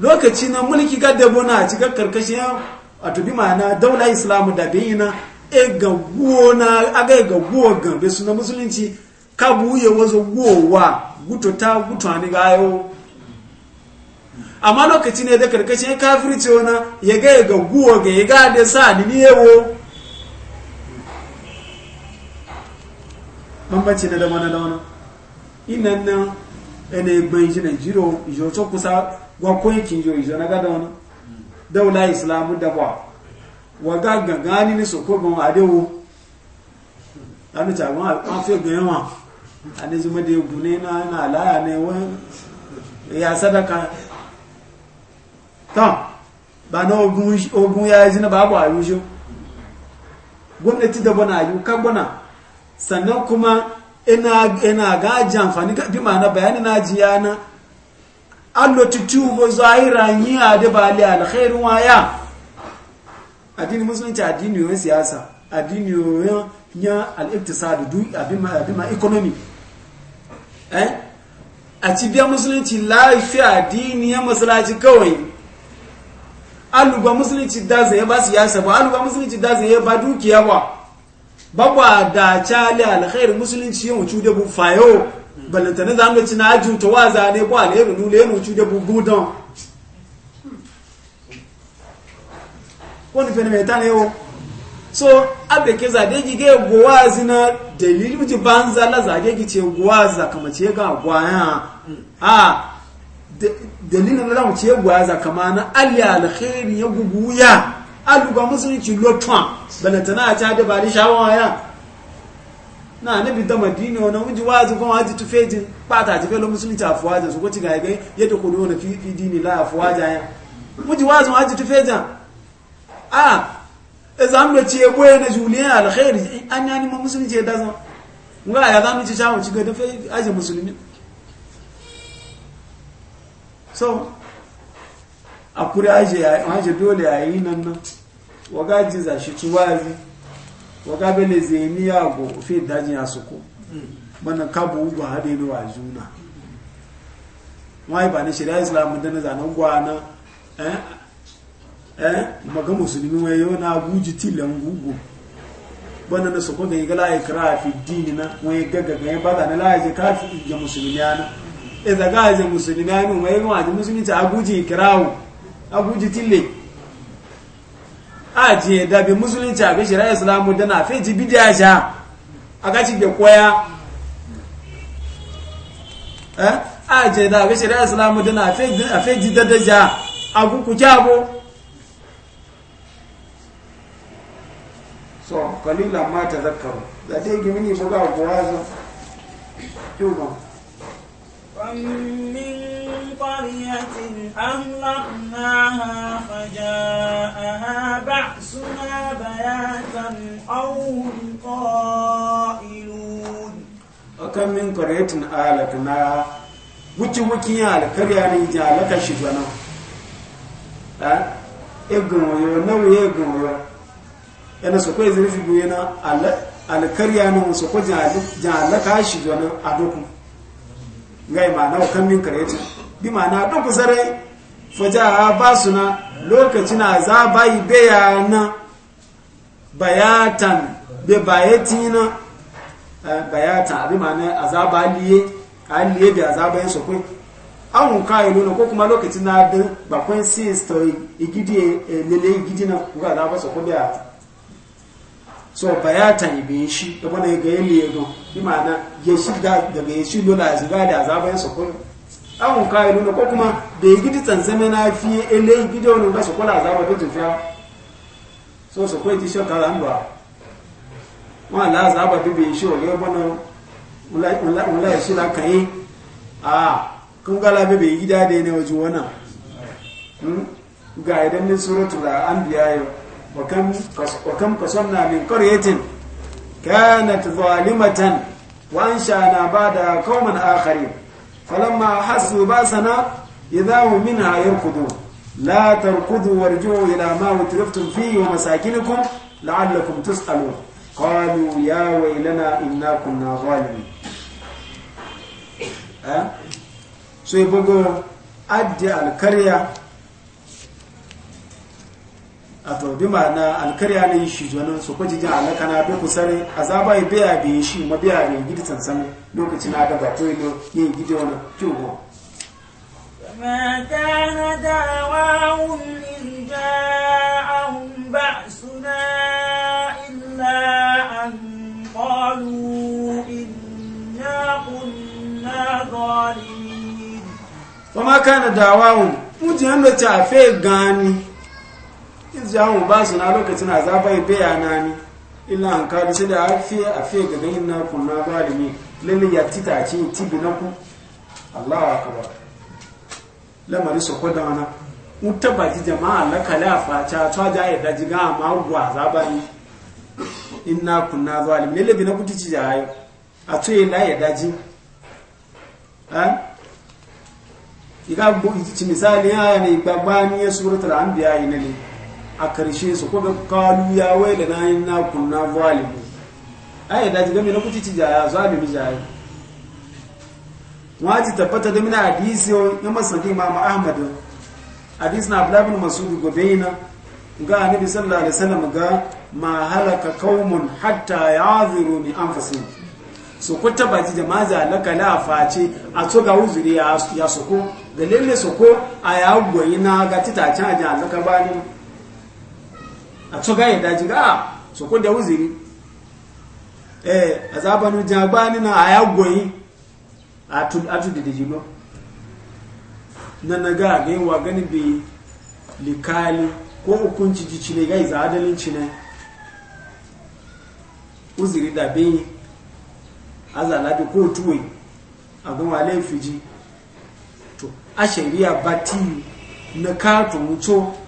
lokaci na mulki gada bona a cikin karkashin a tubi ma'ana daula islamu da bayi na e ga na aga ga guwa gambe suna musulunci ka buye wazo guwa guto ta guto ne ga ayo amma lokaci ne da karkashin ce wana ya ga ga guwa ga ya ga da sa ni yewo bambanci da wani da wani inan nan ene gban shi na jiro ijo to kusa gwa koyin kin jo ijo na gada wani daula islamu da ba wa ga gangani ni so ta an ani na ya sadaka ba ogun ogun ya na babu ayujo gwamnati da bana ayu bana sannan kuma ina gaji amfani bi ma'ana bayani na ji yana allo tutu bo zahira yi a da bali wa waya adini musulunci adini yoyin siyasa addini yoyin yan al'iktisadu du abi ma economy eh a ci biya musulunci lafiya adini ya masalaci kawai aluba musulunci da zai ba siyasa ba aluba musulunci da zai ba dukiya ba a da cali alkhairu musulunci yin wucu da bu fayo balantane za mu ci na ajin ta waza ne ko alheri nule yin wucu da bu gudun wani fene mai tana yau so abe ke zade gi ge gwazi na dalilu ji banza la zage gi ce gwaza kama ce ga gwaya a dalilin na mu ce gwaza kama na alya alkhairu ya guguya aluba musulunci lotwan balantana a cade ba di shawon ya na anabi da madina wani wuji wazi kuma wazi tufejin bata tafe lo musulunci a fuwajen su kwaci gaibe yadda kudu wani fi dini la a fuwajen ya wuji wazi wazi tufejin a zamu da ce boye na juliya alkhairi an yani ma musulunci ya dazan nga ya zamu ci shawon ci ga dafe ajin musulmi so a kuri aje dole a yi nan nan waga jiza shi ciwazi waga bele zemi yago fi dajin ya suku hmm. mana kabu ugwa hade ni wa juna wai ba ni shari'a islam da na zanen gwana eh eh maga musulmi wai yau na guji tilan gugu bana na suku ga yi gala ikra fi dini na wai gaga ga yi bada na laje kafi ga musulmi ana e ga ga musulmi ana wai ga musulmi ta guji ikrawo a guji tilan a je da bi musulunci a bishira islamu da na fi bidiya sha a gaci ke koya eh? a je da bishira islamu da na fi ji dada sha a kuku kyabo so kalila mata zakaru da ta yi gimini buga buwazo yau ba قرية أهلقناها فجاءها بأسنا بياتا أو هم قائلون من قرية wuce wuki ya alkarya ne ji alaka shi gana ha egun oyo wi egun oyo so su kwai zirfi buye na alkarya ne so kwa ji alaka shi gana a ngai ma na kan min karyacin bi ma'ana don fusare faja ba suna lokacin azaba yi bayana bayatan be bayatina eh, bayatan bi ma'ana azaba liye aliye bi azaba yin sokwe an ka yi nuna ko kuma lokacin na da bakwai sista igidi eh, lele igidi na kuka azaba sokwe bayatan so bayatan ibe e shi da wani ga yi liye don bi ma'ana ya shi daga ya shi lola ya ziga da azaba yin sokwe awon kayi nuna ko kuma da yi gidi tsantsame na fi ele gidi wani ba su kula za ba gidi fiya so su kwai tishon ta zan ba wọn la za ba bibi shi o ga bana mula shi la kayi a kun gala bibi gida da ne waje wannan hmm? ga idan ni suratul da an biya yau. wa kam na min qaryatin kanat zalimatan wa ansha'na ba'da qauman akharin falamma hasu ba sana idza hum minha yarkudu la tarkudu warji'u ila ma utriftum fihi wa masakinikum la'allakum tus'alun qalu ya waylana inna kunna zalimin eh so ibogo addi alkarya ma ma'ana alkariya ne shi jonin su kwaji jin alaka na bi kusare a za zaba yi biya yi shi ma biya biyu gidi tsansan lokacin na daga to ilo yin gidi wani kyogo fama kana dawawun mutum yadda ta fe gani iz jahun ba su na lokacin azaba ya bayana ni ina an kada sai da afiye afiye ga ganin na kunna balimi lallai ya tita ce tibi na ku Allahu akbar lamari su kwada wana uta ba ji jama'a na kala fa ta ta ja ya daji ga ma gwa azaba ni inna kunna zalimi lalle bi na ku tici ja a tsaye na ya daji an eh? iga bu ci misali ya ne gbagba ni suratul anbiya ne ne a karshe su kuma kalu ya waila na yi na kunna zalimu ai da daji gami na kuti ci jaya zalimi jaya waji tabbata da mina hadisi na masaki imam ahmad hadis na abdullah ibn mas'ud gobeina ga annabi sallallahu alaihi wasallam ga ma halaka qaumun hatta an min anfusihim so ko tabaji jama'a laka la face a to ga uzuri ya soko da lalle soko a ya na ga titace a jalaka bani a tsoga ga so da uziri eh azabanu jabani na ayagoyi atu atu da dijino na naga ga yawa gani bi likali ko hukunci jici ne gai za adalinci ne uziri da bin azala ko tuwe a gama laifiji to a shari'a bati na kato mutu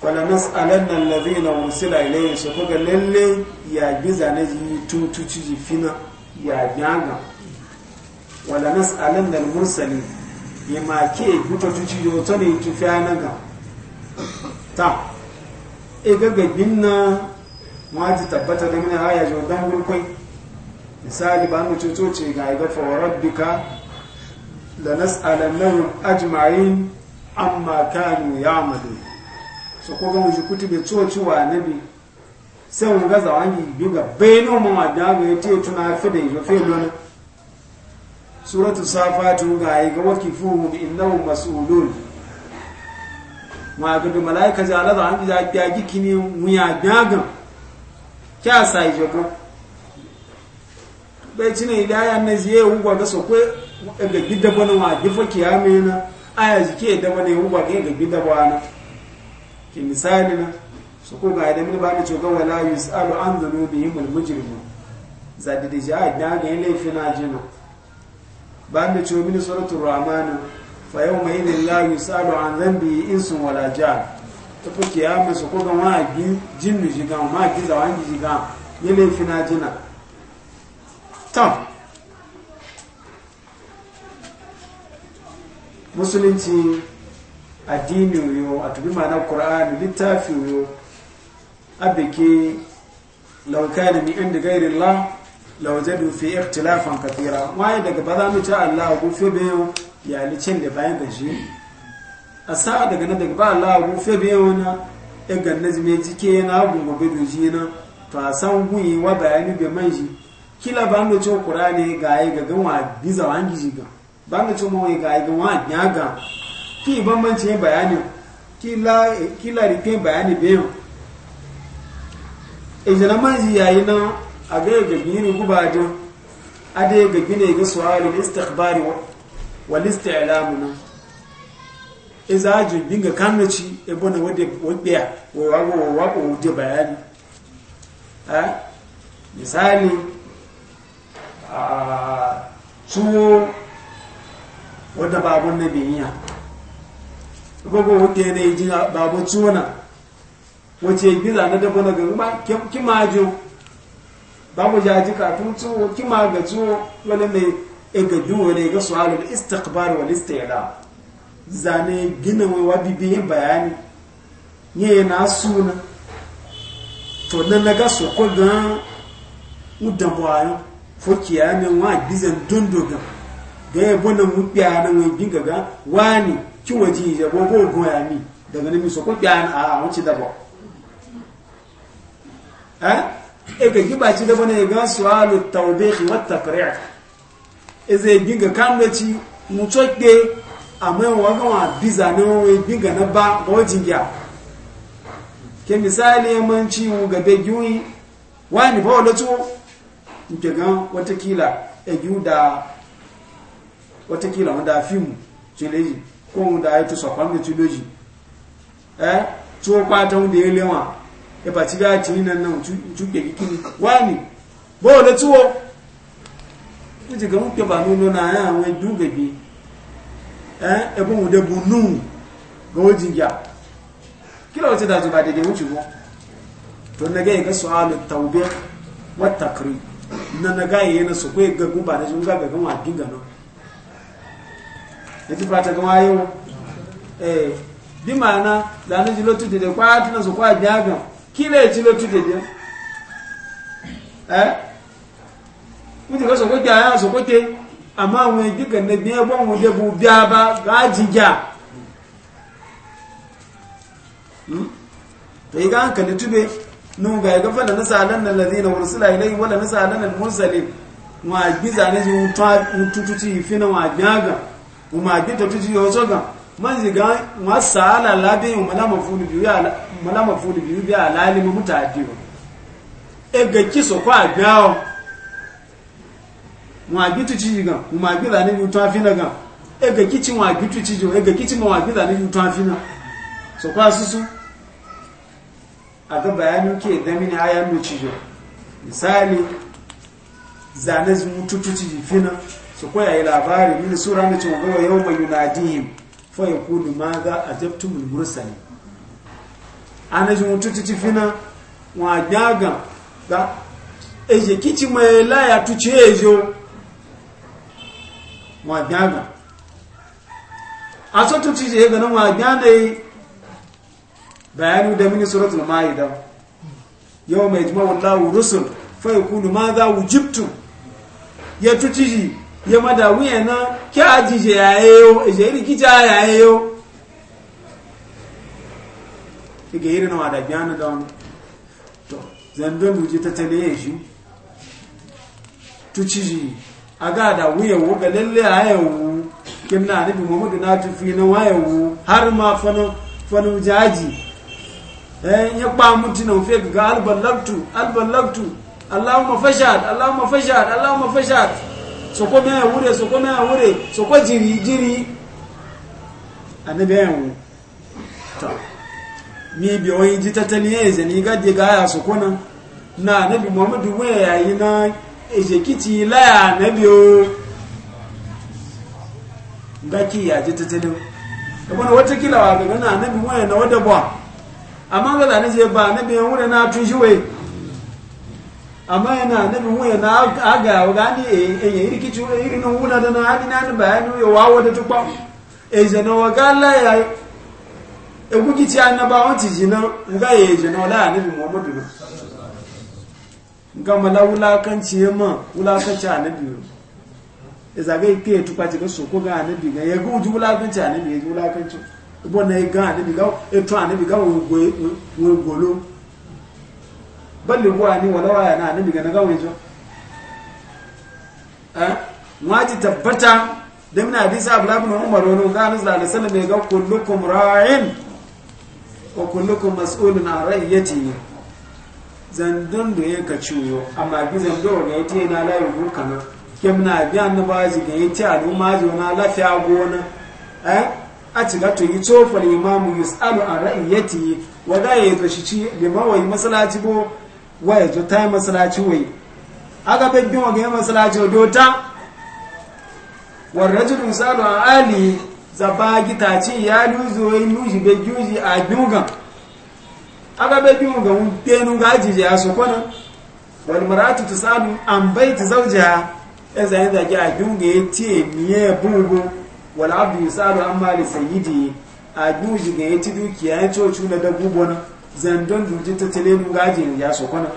falanas alannan lazi na wursila ilayin su kuga lalle ya giza na ji tutuci jifina ya gyaga walanas alannan mursali ya make guta tuci da wata ne tufi naga ta e gagagin na maji tabbata da mina haya jordan gurkwai misali ba mu cuto ce ga igafa wa rabbika lanas alannahum ajma'in amma kanu ya'malun so ko ga wuji kutube tsoci wa nabi sai mun ga zawangi biga bayno mu ma da ga yati tuna fi da yo fi lona suratu safatu ga yi ga wakifuhum innahum mas'ulun ma ga da malaika ja Allah zawangi ja ga gikini mu ya daga kya sai je ko bai cine idaya na ziye ugwa ga so ko ga gidda bana wa difa kiyamena aya zike da bana ugwa ga gidda bana ke misali na su da mini ba da cogan wala yus'alu an dhunubihim al-mujrimun zadi da jihad da ga yin laifi na jina ba da cogan mini suratul rahman fa yawma idhin la yus'alu an dhanbi insun wala ta su ko ma gi jinnu ma gi musulunci addini yo a tubi ma'anar ƙura'ani littafi yo a biki da mi inda gairin la ya fi ikhtilafan kafira waye daga ba za mu ci Allah gufe fi biyu ya licin da bayan da shi a sa'a daga na daga ba Allah gufe fi biyu na in ganna zime jike na gungobe doji na to a san gunyi wa bayani bai man shi kila ba mu ci ne ga yi ga gan wa biza wa an gizi ga ba mu ci mawai ga yi ga wa ga? ki bambancin bayani kila rike bayani biyu ejina manji yayi nan a ga gabi ne gubadin ade gabi ne ga su'alin istikhbari wal isti'lam nan iza ajin binga kannaci ebo na wa wabiya wawo wawo wude bayani ha misali a tuwo wadda babun na biyiya gogo hote ne ji babu ciwona wace giza na dabo na gaba kima jo babu jaji katun ciwo kima ga ciwo wani mai egabi wani ga su'alul istiqbar wani istila zane gina wa bibi yin bayani ye na suna to na na ga su ko ga mudan foki ya ne wa gizan dundogan ga yabo na mu biya na wai binga ga wani ki waje ya gogo goya mi daga nemi so ko gyan a wanci da ba eh e ga giba ci da bane ga sualu tawbih wa taqri' ize giga kando ci mu tsoke amma wa ga wa biza ne wa giga na ba ga wajin ya ke misali man ci mu ga begiyuyi wani ba wala to nke ga watakila e giuda watakila wanda fimu ce leji kóhun da ayétò sọ̀pámi tí lójì ẹ́ tí ó pá tán dé léwọ̀n ẹbà tí bá ti nínà náà tú pèkí kí ni ní bóòlù tí ó ó ti gẹ̀mú pẹ̀bà nínú náà àwọn ẹdún bèbí ẹ́ ẹgbọ́n òde núù gbọ́wọ́ jìyà kí lọ́wọ́ ti dàjú bá dèdè ó ṣùgbọ́n tó nagẹ́ ìgbẹ́ sọ àlù tàwùbẹ́ wọ́n tàkìrì nanagáyé na sọ pé gẹ̀gún bá na ti fata gama yau eh bi ma'ana da na ji lotu dede kwa tuna su kwa biya gan kila ya ci lotu dede eh kuti ka soko kya ya soko te amma mu yi gigan na biya bon mu de bu biya ba ga jigya hmm? to yi ga hankali tube nun ga ga fala nasalan nan ladina ursila ilayhi wala nasalan al mursalin wa giza ne ji mututuci fina wa gyaga umagi to tuji yozo ga manzi ga masala labi umala mafulu biyu ya umala mafulu biyu bi alali mu mutadi e ga kiso kwa gawo umagi tuji ga umagi da ni to afina ga e ga kici umagi tuji jo e ga kici mu umagi da ni to afina so kwa susu aga bayanin ke min ayan mu cijo misali zane mututuci fina su koya yi labari mini su na cin gaba yau mai yunadihim fa ya kudu ma ga ajabtumul a na jin mutu ci fina wa gyagan ga eje kici mai laya tuce ejo wa gyagan a so tuci je ga nan wa gyana yi bayanu da mini suratul maida yau mai jima'ullahu rusul fa ya kudu ma ga wujibtum ya tuci ya mada wuya na ki a jije yayayo je rikita yayayo kiga irin wa da gyana da wani to zandon duji ta tale ya shi tuci shi a ga da wuya wuga lalle a yawu kim na nabi muhammadu na tufi na wayawu har ma fano fano jaji eh ya ba mutuna fe ga alballaktu alballaktu allahumma fashad allahumma fashad allahumma fashad soko mẹ́ẹ̀ wúre soko mẹ́ẹ̀ wúre soko jìrì jìrì àníbẹ̀ ẹ̀wọ̀n tọ́ mi ibi oyin jí tẹ́tẹ́ ní ẹ̀zẹ̀ ní gáde gáyà soko na na àníbi muhammadu wọ́n ẹ̀yà yìí na èzèkìtì láyà àníbi o gákì ìyà jí tẹ́tẹ́ ní ẹgbọ́n wọ́n tẹ́kìlà wà gẹ̀gẹ́ na wọ́n dẹ̀ bọ́ amma yana nabi mu na aga gani e iri iri na na ani nani bayani yo wawo da e je no wa gala ya e ku kichi anna ba on ti jina nga e je no la nabi muhammadu no nga mala wula kan ci ma wula kan ci annabi e za ga ke ti ga ga ku ju wula kan ci e wula kan na e ga ga e ga wo go wo golo ni wala walau ayana annabi ga naga yanzu eh waji tabbata da muna hadisi abdullah ibn umar wani ga annabi sallallahu da wasallam ya ga kullukum ra'in wa kullukum mas'ulun an ra'iyatihi zandun da ya kaciyo amma bi zandun ga yake na layin hukana ke muna bi annabaji ga yake al'umma ji wani lafiya gona eh a ciga to yi tofar imamu yus'alu an ra'iyatihi wa ga ya yi to ci limawai yi masalaci bo wai zo ta yi masalaci wai aka babbin wa gaya masalaci wa dota warra jirin salo a ali zaba gita ce ya luzo yi luzi bai gyuji a gyugan aka babbin wa gawun benu gaji ya su kwanan wani maratu ta salo an bai ta zauja ya zai zage a gyuga ya ce miye bugu Wani abu yi salo an mali sayidi a gyuji ga ya ci dukiya ya cocu na dabbu bonan zandon jujin ta tele nun gaji ya so kwana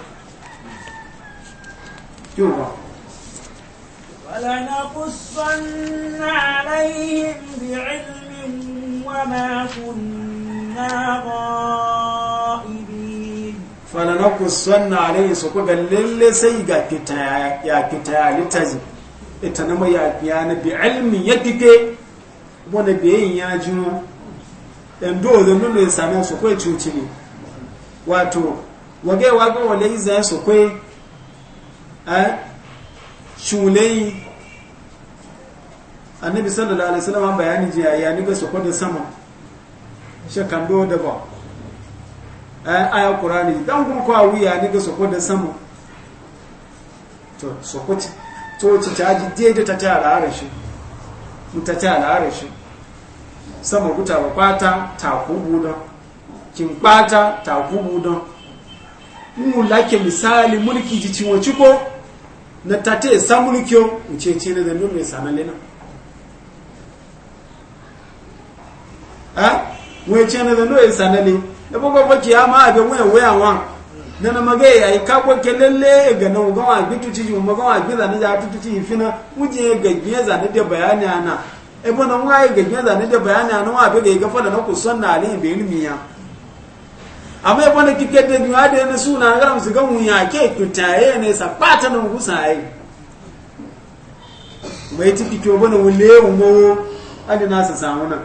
yawa ولنقصن عليهم بعلم وما كنا غائبين na عليهم سوكو للي سيغا كتا lalle sai ga kita ya na bi ilmi wani biyayin ya jino ɗan dole nuna ya same su kawai cuci ne wato wage wage wale izan su kwe a shulai annabi sallallahu alaihi wasallam bayani ji ya ni ga su kwadin sama shakan do da ba aya qur'ani dan kun kwa wuya ni ga su kwadin sama to so ko to ci taji daidai ta tara arashi mu ta tara shi sama guta ba kwata ta kubu don kinkpata ta kubu don mu lake misali mulki ji ci wace ko na tate sa mulki yau mu ce ce na zanen mai sanale na a wai ce na zanen mai sanale na bugu ba ki yama abin wayan wa? na na maga ya yi kakwa ke lalle ga na ugan wa bitu ci mu magan wa bi zane ja tutu ci fina muje gaggiyar zane da bayani ana ebe na nwa yi gaggiyar zane da bayani ana wa bi ga yi gafa da na kusan na alihin bayan miya amma ya bane kike da gwa da yana suna na garam su gan wuya ya ke kutaye ne sa pata nan gusaye yi tiki to bane wule umo ade na sa samu nan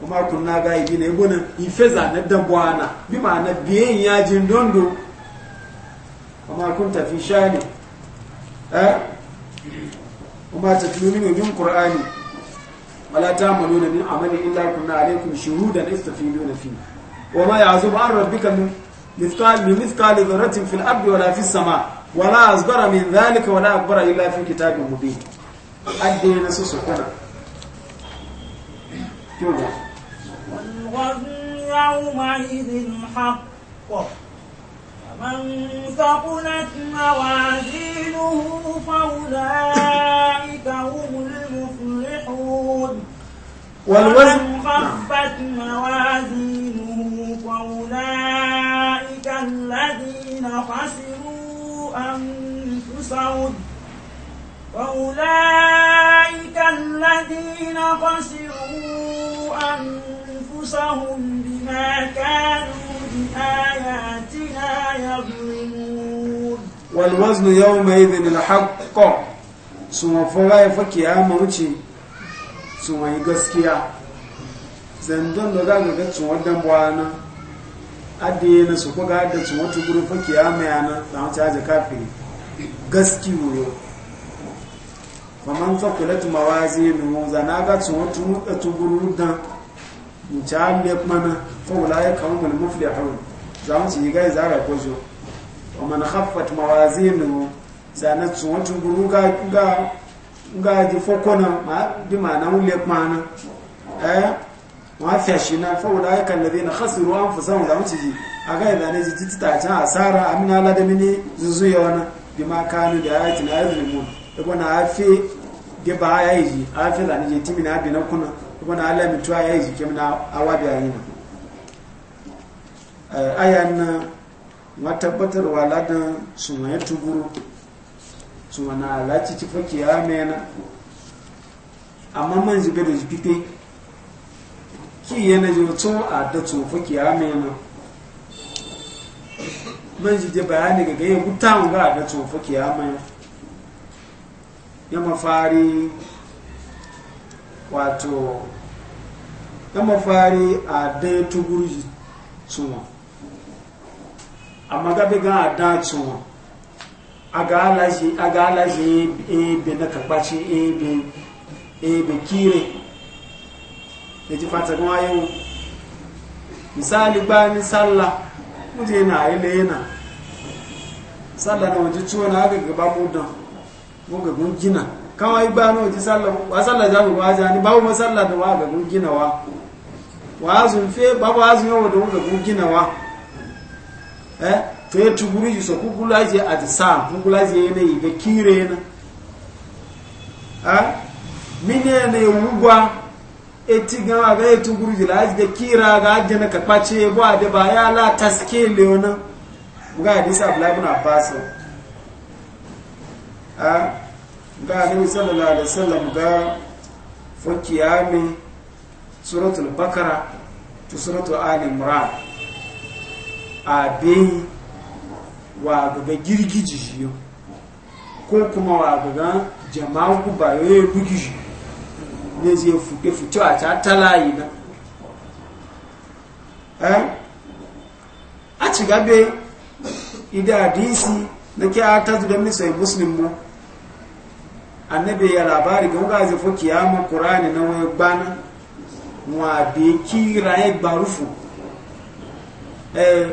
kuma kun na ga ibi ne gona ifeza na na bi ma na ya yajin dondo kuma kun tafi shani eh kuma ta tulumi ne yin qur'ani wala ta maluna min amali illa kunna alaikum shuhudan istafiduna fihi وما يعزب عن ربك من مثقال من مثقال ذرة في الأرض ولا في السماء ولا أصغر من ذلك ولا أكبر إلا في كتاب مبين أدينا سوسكنا والوزن يومئذ حق فمن ثقلت موازينه فأولئك هم المفلحون والوزن خفت موازينه وأولئك الذين خسروا أنفسهم وأولئك الذين خسروا أنفسهم بما كانوا بآياتنا يظلمون والوزن يومئذ الحق suma fura ya يا موتي mauce suma yi gaskiya zandon da za ga ade na su kuga da su wata gurin fake ya mai yana da wata yaji kafin gaski wuyo faman fakulat mawazi min wanza zana ga su wata wata gurin dan in ci halle mana fawula ya kawo mafi da hau za mu ci gai zara kwajo wa man khaffat mawazi min zana su wata gurin ga ga ga ji fokona ma di ma na wule mana eh wa fiya shi na fa wala yakan ladina khasiru anfusahum da wuce ji aga idan ne ji tita can asara amina la da mini zuzuya wana bima kanu da ayati na yazlimun da e bana afi ge ba ya yi afi da ne timi na bi na kuna da e bana ala mi tuwa ya yi kemna awabi ayin ayan na e, tabbatar wala da sumaye tuguru sumana ala ci ci fa kiyamena amma man zibe da jipite ki yana ji mutum a da tsofa kiyama yana man ji je bayani ga gaya mutan ga da tsofa kiyama yana ya mafari wato ya mafari a da tugurji tsuwa amma gabe ga a da tsuwa a ga alaji ebe na kakpaci ebe ebe kire da ji fata kuma yau misali ba ni sallah muje na ile yana sallah na waje ciwo na haka gaba mudan mu ga gina kawai ba na waje sallah ba sallah za mu ba ja ni babu masallah da wa ga gun gina wa wa azun fe babu azun yau da mu ga gun gina wa eh to ya tuguri yi so kukula je at sa kukula je ne ga kire na ah eh, mine ne wugwa eti gawa ga etu guruji la da kira ga ajana ka kwace bo ade ba ya la taske leona ga hadisi abdullahi ibn abbas a ga annabi sallallahu alaihi wasallam ga fakiyami suratul bakara to suratul ali imran a bai wa gaba girgiji ko kuma wa gaba jama'a ku ba yoyi ne zai fuke fuce a ta talayi na eh? a ci gabe ida hadisi na ke a ta zuwa misai muslim mu annabi ya labari ga wuga zai fuki ya mu kurani na wani gbana wa bi kira ya gbarufu eh,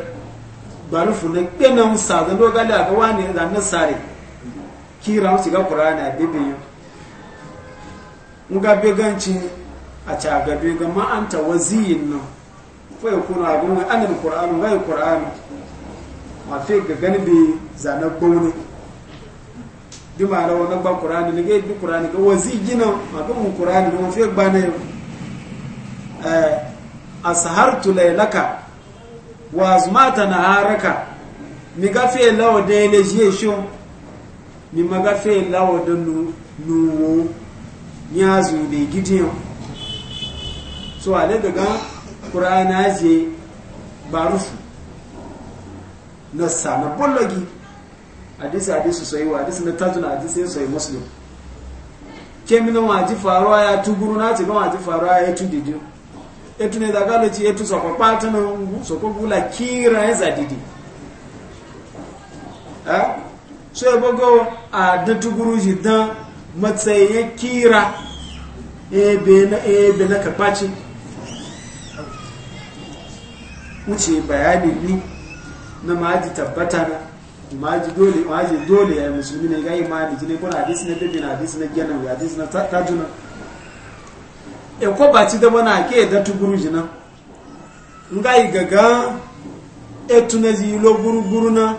gbarufu na gbenan sa zan dogale a ga wani zanen sare kira mu shiga kurani a bebe yo. nga beganci a ci a gabe ga ma'anta ziyin nan fa ya kuna abin mai anin ƙur'anu ga yi ƙur'anu ma fi ga gani bi zanen gbauni di ma wani na ne ƙur'ani na gai bi ƙur'ani ga wa gina ma ga mu ƙur'ani ga mafi gba na yau eh, a tulai laka, wa zumata na haraka mi ga fi lawa da ya lejiye shi mi ma ga fi lawa da nuwo ya zo bai gidiyan so a daga ga ƙura'ana je ba rufu na sa na bollogi hadisi hadisi sai wa hadisi na tajuna hadisi sai muslim kemina waji faruwa ya tuguru na tiga waji faruwa ya tudidi etu ne daga lo ci etu so ko pata na ngu so gula kira ya zadidi eh so ya bogo a da tuguru ji dan matsayin kira ebe na karfaci wuce bayani ni na maji tabbata na maji dole maji dole ya musulmi ne ga imani jini kuna hadis na bibi na hadisi na gyanan ya hadis na tajuna ya e kwa ba ci dama na ke da tuguru jina nga yi gaga etu na zilo guru guru na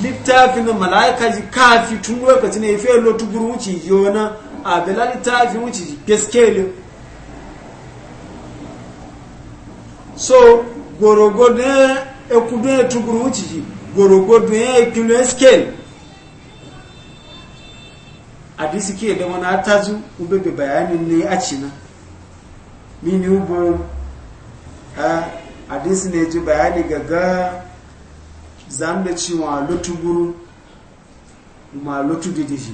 littafin mala'ika ji kafi tun lokaci ne fiye lotu guru wuce yiwuwa a bela littafin wuce ne so gorogodo ya ekudu ya e tuguru wuce ji gorogodo e ya ekinu ya skele a disike da wani atazu ubebe bayanin ne a cina mini ubo a disi ne ji bayani gaga zanda ci ma lotu guru ma lotu didiji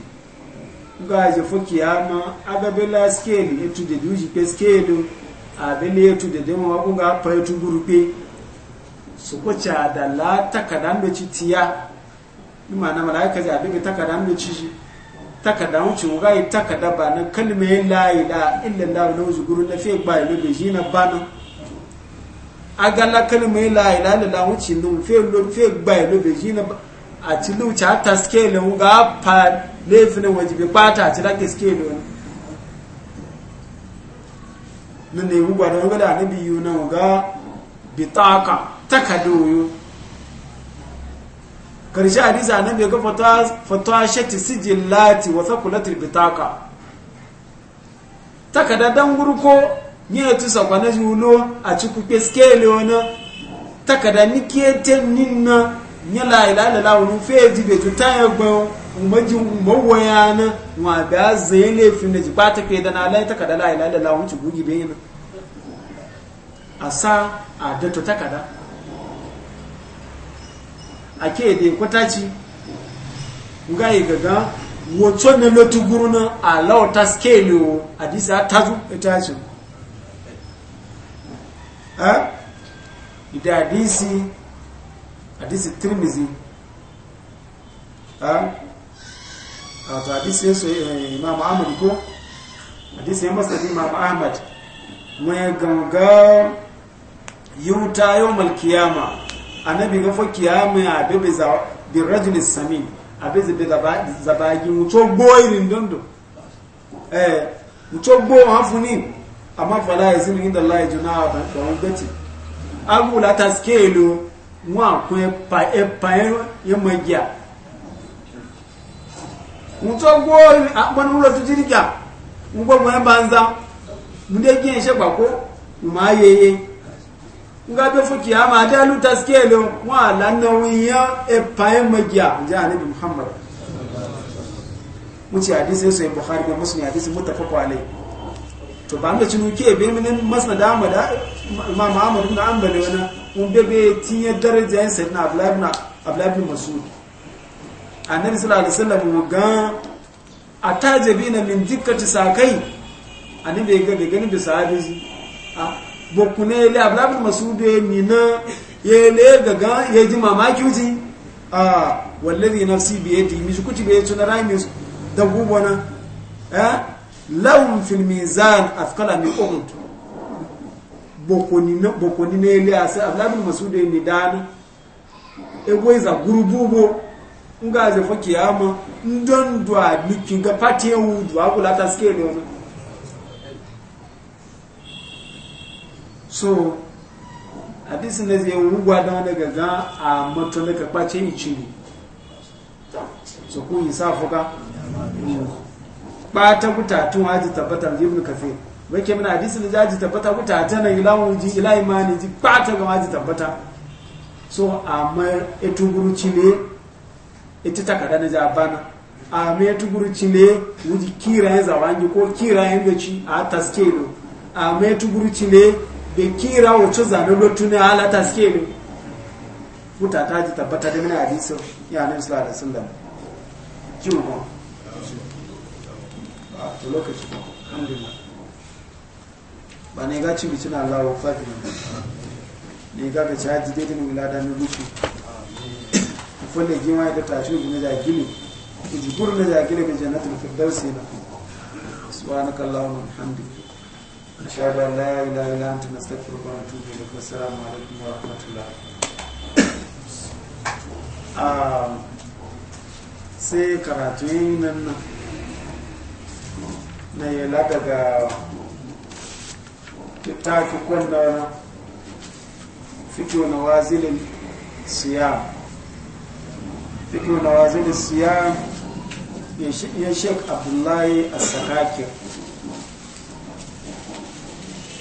ga je fo kiyama aga bela scale etu de duji pe skeli a bele etu de demo wa kunga pa etu guru pe su ko cha da la takadan do ci tiya bima na malaika ja bi takadan da ci Takadan wuce wuga yi takada ba na kalmar la ila illa la wani wuce guru lafiya ba ilo da shi na ba agala kalma la ilaha illallah wuce lu fe lu fe gba lu be jina ati lu cha ta scale mu ga pa le fi ne wajibi pata ati la scale ne nan ne mu gwa da ga nabi yu na ga bitaka takadu yu karshe hadisi annabi ga fata fata shati sijillati wa thaqulatil bitaka takada dan gurko nye tu sakwana julo a ci kuke skele wani takada ni kete ninna nye la ila ila la wani fe ji tó táyẹ̀ gbọ́n gbayo umaji umawa yana wa da zai laifin da na ala e takada la ila ila la wani a eh ida hadisi hadisi Tirmidhi eh to hadisi yeso Imam Ahmad ko hadisi ya Muslim Imam Ahmad mwe ganga yuta yawmal qiyama annabi ga fa kiyama ya bebe za bi rajul samin abeze be za ba gi mutogbo irin dondo eh mutogbo hafuni amma fala ya zini inda Allah ya juna wa ɗan gati agula ta skelo wọn kun ẹpa e ya e e, magiya mutu gwo agbọn wula tu jirga mu gbogbo ya banza mu dai giyan shi gbako ma yeye nga be fuki ya ma dalu ta skelo wọn lanna wiya ẹpa ya magiya ji anabi muhammad mu ce hadisi sai bukhari da muslim hadisi mutafaqu alaihi to ba mu cinu ke be min masnada ma imam ahmad ibn hanbal wana un be be tinye daraja yin sayyidina abdullah ibn abdullah ibn mas'ud annabi sallallahu alaihi wasallam ga na min dikkati sakai annabi ga ga ganin bi sahabi a bokune le abdullah ibn mas'ud ni na ye le ga ga ye ji mamaki uji a wallazi nafsi bi yadi mi kuti be tuna rami da eh lahum fil mizan afkala min uhud bokoni masu bokoni na ile asa abdul masud ni dani ebo iza gurububo nga ze fo kiyama ndondwa nikinga pati udu akula hata so hadisi ne zai wugwa da daga ga a mutane ka kwace ichi so safuka yeah, bata kutatun haji tabbatar ibn kafir ke mana hadisi da haji tabbata kutata na ilawun ji ila imani ji bata ga haji tabbata so amma etuguruci ne ita takada na jabana amma etuguruci ne wuji kirayen zawangi ko kirayen gaci a taskelo amma etuguruci ne da kira wacce zane lotu ne ala taskelo kutata ji tabbata da mana hadisi yanar sulawar sallallahu alaihi wasallam a ah, to lokaci ba alhamdulillah ba ne ga cibi tuna Allah wa fadi ne ga ga caji dai din wulada na rufi fulle gima da tashi ne da gili ujgur ne da gili ga jannatul firdaus ne subhanaka allahumma hamdika ashhadu an la ilaha illa anta nastaghfiruka wa natubu ilaik assalamu alaikum wa rahmatullah ah, sai karatu nan nan na yala daga littafi kwanda fito na wazilin siya, fito na wazilin siya ya shek abdullahi a sakakir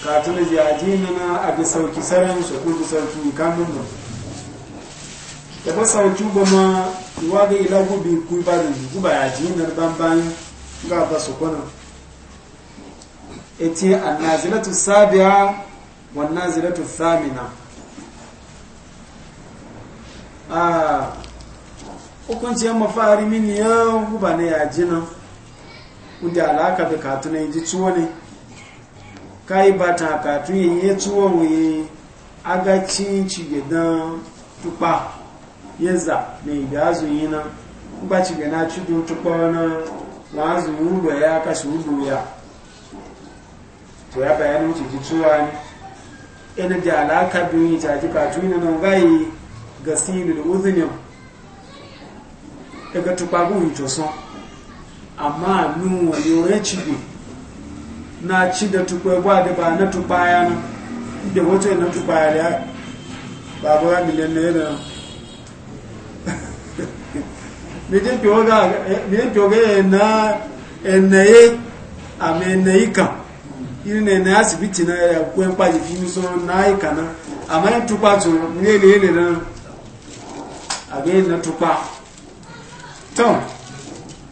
katuna aji na a bi sauki sarin su bi sauki kamun ba Ya ba sauki goma ma iwa ga ila gubi kuba da guba yaji banban ga ba su kwanan eti annazilatu sabi'a wan nazilatu thamina ah hukunci ya mafari mini ya guba ne ya jina kuda alaka da katu na ji tuwo ne kai ba ta katu yin ye tuwo wuyi aga cin ci gidan tupa yeza ne ga azuyina ba ci gana ci dun tupa na wa azuyu ya kashi ubu ya to ya bayanin ji cewa yana da alaka biyu ta ji katu na nan gayi ga sinin uzunin daga tukpagun ito son amma nun wani ci cibi na ci da tukwaiwa da ba na ya na da wato na tukpaya da ba ba ne miliyan na yana mijin fiye ga yana enaye a mai enayi iri ne na asibiti na ya kwen kpaji fi so na aika na amma yin tukpa to nile ile na abin na tukpa tom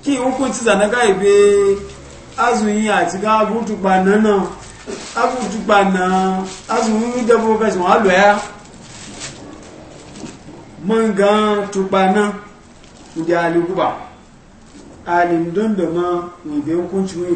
ki hukunci zana ga ibe azu yi ati ga abu tukpa na na abu tukpa na azuyi dabo kashi wa lo ya man ga tukpa na ndi alikuba alim don da ma mai bai hukunci mai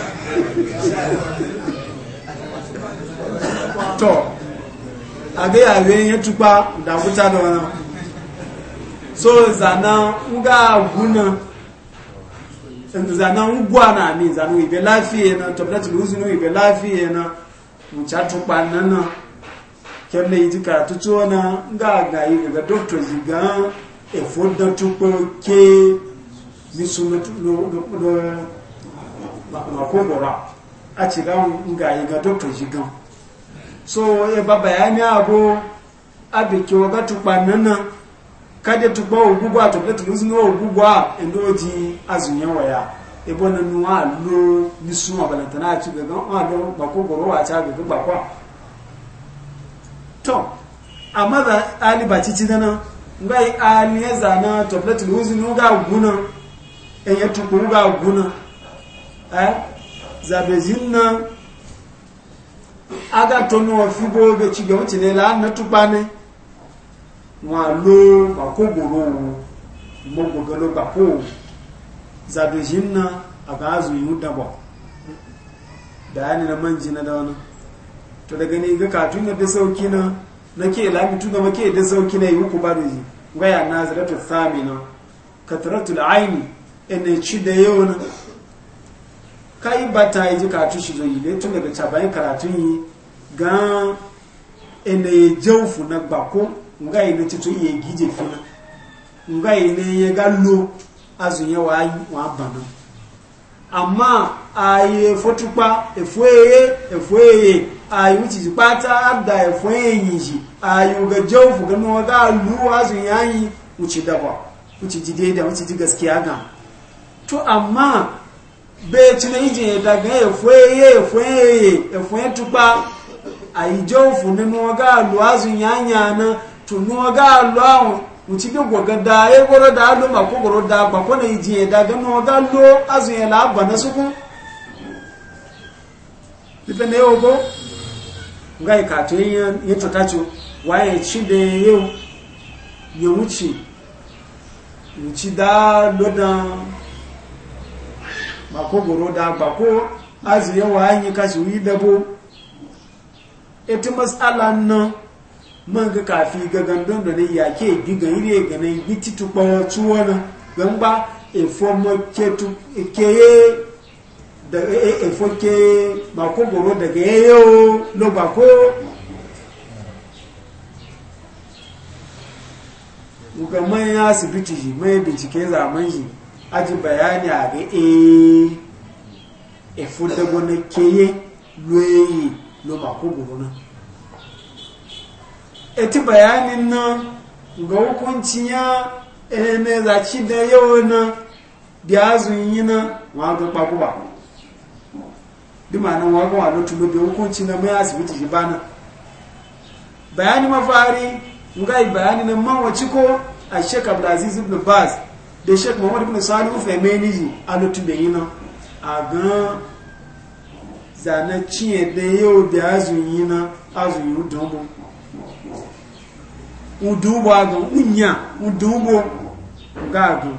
tọ agayawe ya tukpa da kuta da wani so zana uga guna na mi zana ibe lafiye na tabbatar ibe e na mucha tukpa nana kemle yi jika tutu nga aga yi ga ziga e efo ke makogora a ci gan yi ga doktor jigan so ya ba bayani abu abu ke waga tukpa nana kada tukpa ogugwa to pe tukpa zinu ogugwa ndo ji azunye waya ebo na nu a lo nisu mabalanta na ci gaga a lo makogoro wa ta gaga bakwa to amma da alibaci ci dana ngai aliyeza na tabletul huzin ga guna en ya tukuru ga guna zabezin aga tono fi gobe ci ga wuce ne la na tupane ne wa lo ba ko goro mo gogo lo ba ko zabezin aga azu yi dabo da ni na manji na da wana to daga ne ga katun da sauki na nake lami ma make da sauki na yi ku ba da ji ga ya nazaratu thamina katratul aini ene chide da yau na kai bata yi jikatu shi zo yi tun daga cabayin karatun yi gan ene jaufu na gbako nga ne tutu iye gije fina nga ne ye ga lo azu ye wa wa bana amma aye fotupa efueye a yi wuci jipata abda efueye yinji yi ga jaufu ga nwa ga lu azun yayi wuci daba wuci ji daidai wuci ji gaskiya ga to amma bẹ́ẹ̀ tí lẹ́yìn jẹ́ efu ẹ̀fọ́ ẹyẹ ẹ̀fọ́ ẹyẹ ẹ̀fọ́ ẹ̀túpa àìjẹ́ òfin nínú ọgá àlọ́ azùnyányàna tó ní ọgá àlọ́ àwọn òtí bí gbọ̀gán ya ẹgbọ́rọ̀ da ló mà kókòrò da gbàkọ́ lẹ́yìn jẹ́ ìdàgán ní ọgá ló sókún ní makogoro da bako azu yawa hanyi kashi wi dabo ita matsala nan man ga kafi ga gandon da ne ya ke giga ire ga nan giti tukpa tuwo gan ba efo ke tu ke da e, e, daga yayo lo bako muka mai asibiti shi mai bincike zaman shi aji bayani a ga eh efu da gona keye loyi lo ba ko gona eti bayanin nan ga hukuncin ya ene za da yau na biya eh, zun yi na wa ga kwaku ba dima nan wa ga wa lotu lo biya hukuncin na mai asibiti shi bana bayani mafari nga yi bayani na man wace ko a shekabda aziz ibn baz da shek muhammadu bin salihu femeniji a lutube yi nan a gan zane cinye da yau da azun yi nan azun yi udunbo udunbo a gan unya udunbo ga gan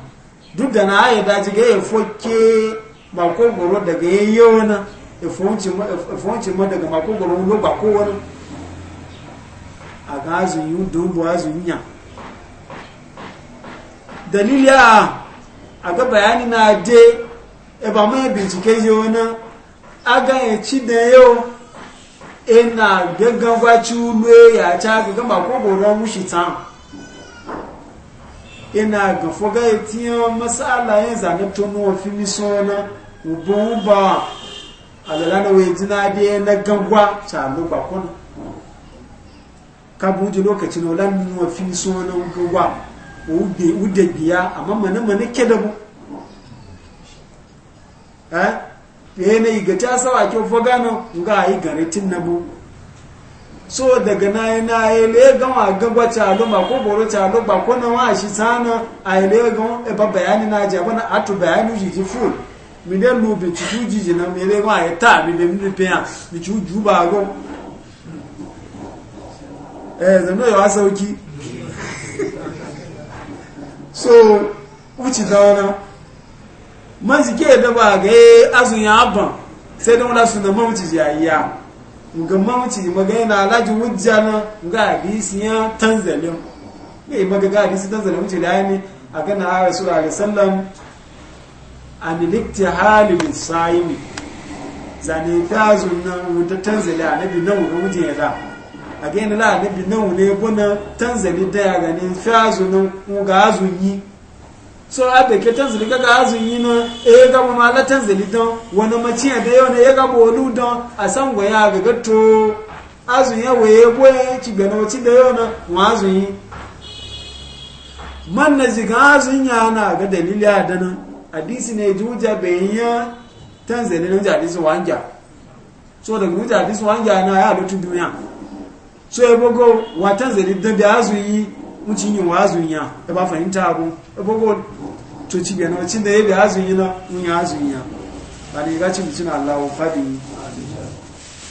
duk da na ayi daji ga ya foke bakon goro daga yin yau na efonci ma daga bakon goro ba ko wani a gan azun yi udunbo azun yi yan dalili a a ga bayani na je e ba mai bincike yi wani aga ya ci da yau ina e gaggan gwaci ulwe ya ci aka gama ko goro mushi ta ina e ga foga ya tiyo masala yin zane tono wa fimi sona ubon ba alala na wai jina biya na gangwa ta lokwa kuna kabuji lokacin olamni wa fimi sona gangwa ude biya amma mana mana ke da mu eh yana yi ga ta sawa ke fagano ga yi garitin na bu so daga na yi na yi le gama gaba calo ba ko boro calo ba ko na wa shi sana a yi le gama e ba bayani na ji abana atu bayani ji ji full mi de lu bi ci ji ji na mi le gama e ta mi de mi pe ya mi ci ju ba go eh zan yi ya sauki so wuce wani man ke da ba ga yi eh, azun ya ban sai da wani suna mamaci jayayya ga mamaci magana na alajin wujja na ga hadisi ya tanzalin ne yi maga ga hadisi tanzalin wuce da ya ne a gana a rasu a sallam a nilikta halin sa'imi zane ta zunan wuta tanzalin a nabi na wuce ya za a ga yana bi nan wule buna tanzali ta ya gani fi azu ga azu yi so a da ke tanzali ga azu yi na e ga mu mala tanzali don wani mace da yau ne ya ga bolu don a san go ga gato azu ya waye boye ci ga nauci da yau na wa azu yi man na ziga azu ya na ga dalili a dana hadisi ne juja bayan tanzali na jadisi wanja so daga juja hadisi wanja na ya lutu duniya so ya bogo watan zari da azu yi mucin yin azu ya ya ba fahimta abu ya to ci bi na ci da yi bi azu yi na mun ya azu ya ba ne ga ci mucin Allah wa fadi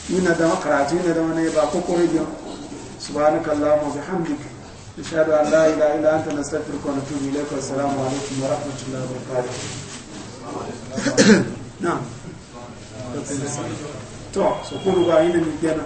yana dama karatu dama na wani ba kokoro biyo subhanakallahumma wa bihamdika ashhadu an la ilaha illa anta nastaghfiruka wa natubu ilayka assalamu alaikum wa rahmatullahi wa barakatuh na to so ko ruwa ina mi kenan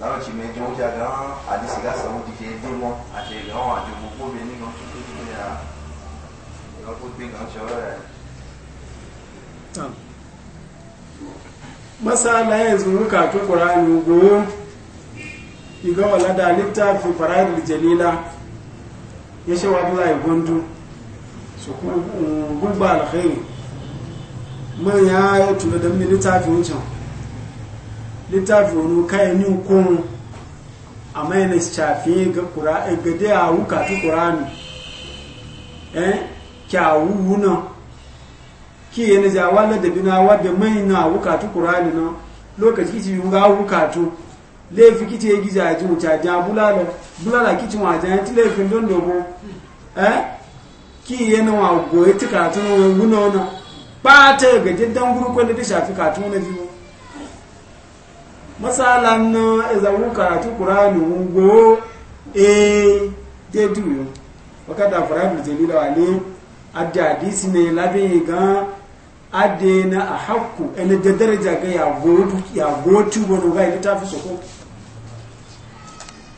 láwọn tì mí jẹun jà gan àdìsí gàṣà dìde dé wọn àti ẹgbẹ́ wọn àti gbogbo mi nígbà tó tó tó yà ìwà tó gbé gan ṣe masa rẹ̀. masala yanzu muka to qur'ani go iga wala da littafin fara'id jalila ya shawa Abdullahi Gondo su kuma gulba alkhairi mun ya tura da littafin wancan littafi wani kayan yin kun a mayanin shafi ga eh, gade a wuka ta ƙurani eh kyawu wuna ki yana jawa ladabi wadda mai na ta ƙurani na lokaci kici yi ga wuka ta laifi kici ya gija ji mu caja bulala kici mu ajan ti laifin don dogo eh ki yana wa goyi ta katun wuna wuna ba ta gaje dan gurkon da ta shafi katu na biyu masalan na ezawu karatu qur'ani ungo e dedu wakada farabul da wale adi hadisi ne labe ga adi na a hakku ene da daraja ga ya gotu ya gotu wani ga ita e fi soko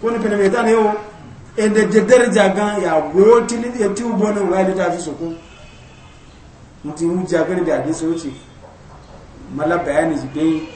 ko ne pene ne yo ene da daraja ga ya gotu ni ya tubo wani ga ita e fi soko mutum mu jagani da hadisi wuce mala bayani jibe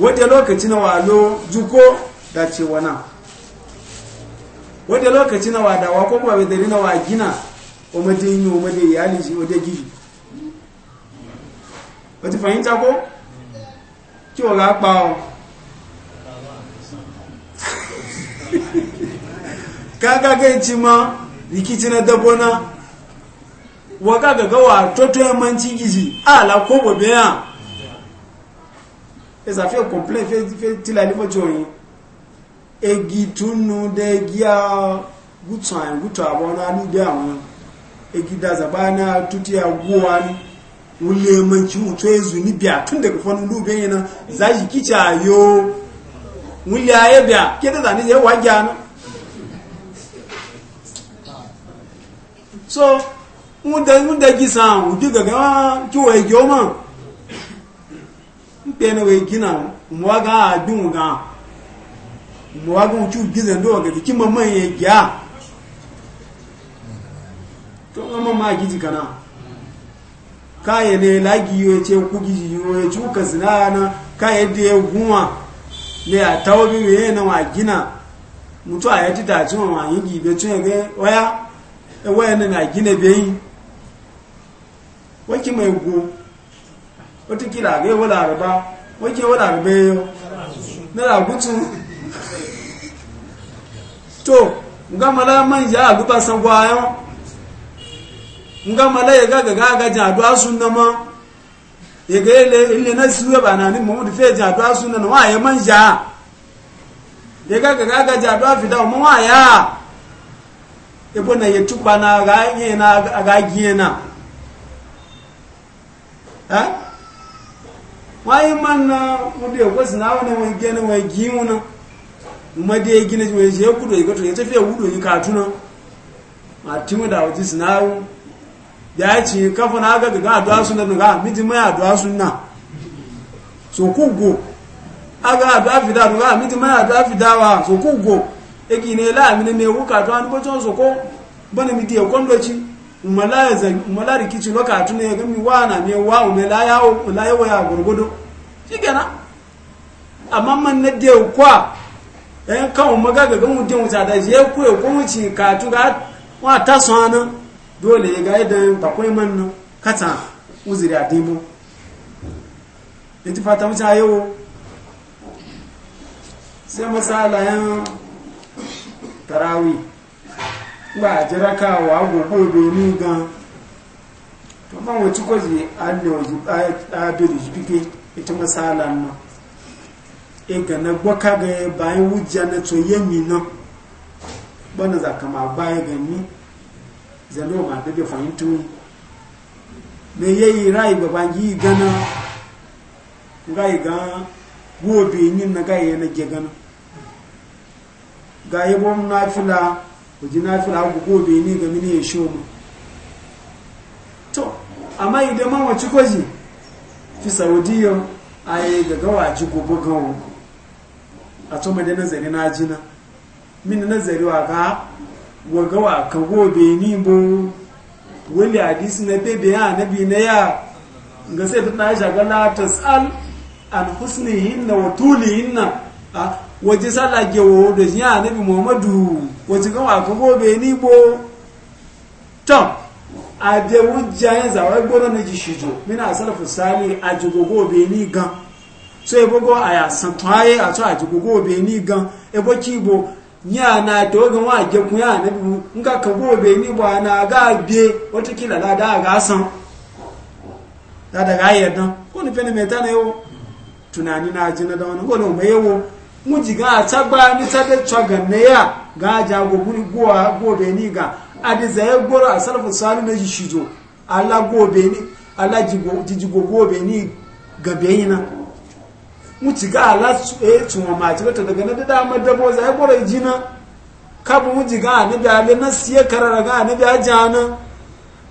wadda lokaci na walo juko da ce wana wadda lokaci na wadawa ko kuma bai na wa gina o made yi o made iyali shi o de gidi o ti fahimta ko ki o ga o ka ga ci ma rikici na dabona wa kaga ga wa toto yamanci gizi ala ko bobe esa fe complain fe fe ti la lifo egi tunu de gia gutan gutu abona e ni de awon egi da zabana tuti aguwa ni wule manci mutu ezu ni biya tun daga fonu za yi kica yo wule biya ke da zane yawa gyanu so mun da gisa wudu gaga kiwa egiyo pene we gina mwaga adun ga mwaga uchu gize ndo ga ki mama ye gya to mama ma giji kana kaye ne lagi yo ce ku giji yo chu ka zina na kaye de guwa ne a tawo bi we na wa gina mutu a yati ta chu ma yi gibe chu ne waya e waya ne na gina be yi waki mai go watakila ga yawo laraba wake yawo laraba yayo na lagutu to nga mala manja aguba sangwayo nga ya gaga gaga jadu asunna ma ya ga ile ile na suwe ba na ni mu di fe jadu asunna na wa ya manja ya gaga gaga jadu afida mu wa ya ebo na ya tupa na ga na ga na ha wayi man na wudi ya gwasi na wani wani gani wani gimu na madi ya gina wani je kudu ya gato ya tafiya wudu ya katuna a timu da wajen sinawu ya ci kafa na aga gaga aduwa suna daga miji mai aduwa suna so kugo aga aduwa fida daga miti mai aduwa fida wa so kugo egi ne la amina ne wuka to an bocon so ko bana midi ya kwandoci umala rikici lokacin ne ya gami wa na ne wa umala yawo ya gurgudu shi gana amma man na da kwa yan kan magaga ga mutum wuta da shi ya kuwa ko wuce katu ga wa ta dole ya ga idan takwai man nan kata uzuri a dimu ita fata wuce a sai masala yan tarawi gba àjẹ́ráká wà gbogbo obè ní gan tó bá wọn tí kò sí alẹ́wọ̀jì abẹ́rẹ̀ yìí pípé ita masala nan e ga na gbaka ga bayan wujja na tsoye mi nan kama baya ga ni ma me yayi rai baban yi gana ga gobe na na fila wajen fi lagu gobe ni ga mini ya sho mu to amma idan man wace kwaji fi saudiya a yi ga ji gobe gawo a to mai da nazari na jina mini nazari wa ga wa gawa ka gobe ni bo wani hadisi na bebe ya bi na ya ga sai ta tashi ga la tasal an na wa tulihinna a waje sallah gewo da jiya annabi muhammadu wace kan waka gobe ni bo to a da wujja yin zawai gona na jishijo mina salafu sali a jigo gobe ni gan so ebo aya a to a ni gan ebo kibo nya ya annabi nka ka gobe ana ga be wata kila da da ga da muji ga tagba ni tabe tsoga ne ya ga jago guni gowa gobe ni ga adi ya goro a salafu salu na jishijo ala gobe ni ala jijigo gobe ni gabe yana muji ga ala e tuma ma ci wata daga na da dama dabo za ya goro jina kabu muji ga na da ale na siya karara ga na da jana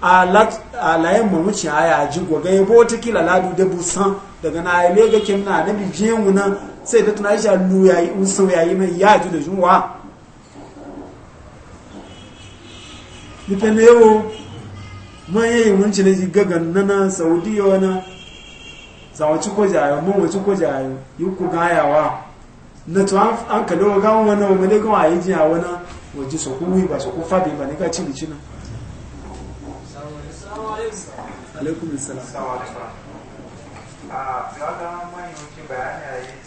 ala ala ya mu muci aya jigo ga yabo ta kila ladu da busan daga na ale ga kimna na bi mu na sai da tuna aisha lu in un ya yi mai ya ji da junwa nipe ne yawo man yayi mun na ne ji gagan nana saudiya wana zawaci ko jayo man waci ko jayo yi ku gayawa na to an ka wa gawo wana mu ne gawa yi jiya wana waje su kuwi ba su ku fabi ba ne ka ci bicina alaikum assalam ah, a ga manyan wuce bayani yayi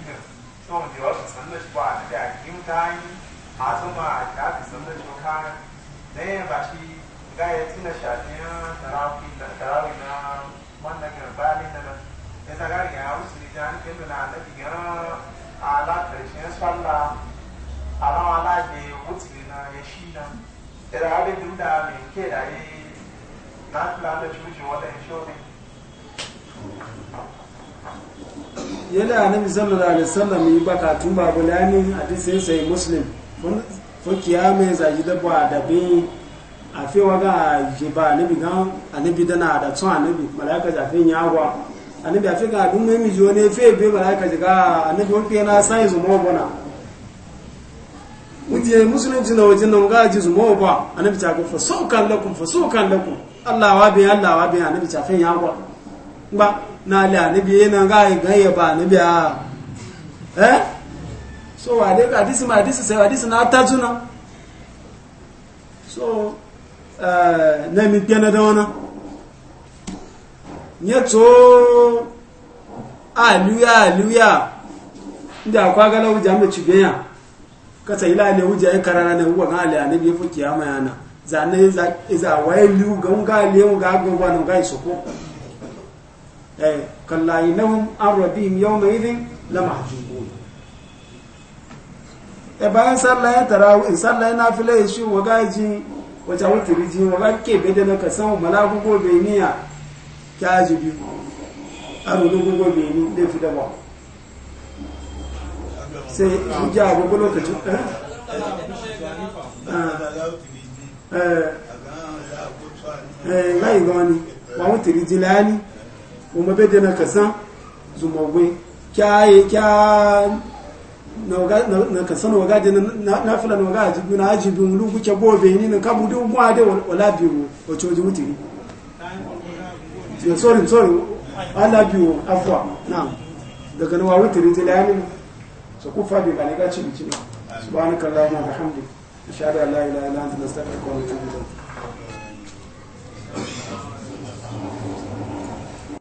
送给我是真的是吧？那个有单，马上嘛，家里真的就看，那样吧是，该真的夏天啊，在那会在在那会呢，往那个巴黎那个，那在那里啊，我是讲跟着那那几个啊，那头先算了，啊，那啊那也我自己呢也是呢，在那边读的，明天来，那那的出去我来学的。yana annabi sallallahu alaihi wasallam yi baka tun babu lani hadisin sai muslim fo kiyame za ji da ba da bi a fi waga ji ba annabi gan annabi dana da tun annabi malaka za fi yawa annabi a fi ga dun mai mijo ne fe be malaka ji ga annabi wani yana sai zu mo bona muje muslim jina wajen nan ga ji zu mo ba annabi ta ko fa so kan lakum fa so kan lakum Allah wa bi Allah wa bi annabi ta fi yawa ba na ali anabi yana ga gan ya ba anabi a eh so wa de hadisi ma hadisi sai hadisi na tajuna so eh na mi tena da wana nyeto aluya aluya ndi akwa gala uja me chigenya kata ila ale uja e karara ne uwa ngale anabi e fuki ama yana zane za za wayi lu ga ngale ga ga wana ga isoko Eh, kalla inahum an rabbihim yawma idhin la eh, bayan sallah ya tarawih sallah ya nafila ya shi waga ji wata wutiri ji waga ke bede na kasan malaku go be niya kyaji bi aru go go be ni da fi da ba sai hujja go go lokacin eh eh eh lai gani wa wutiri ji lani kuma bai dana kasan zumagwe kyaye kya na kasan waga dana na fila na waga ajibi na ajibi mu lugu ke bobe ni na kabu duk mu ade wala biyu wace waje mutiri sorry sorry wala biyu afwa na daga na wawu tiri ta layanin su kufa bi ba ne ga ci bici subhanaka allahumma wa bihamdika ashhadu an la ilaha illa anta astaghfiruka wa atubu ilayk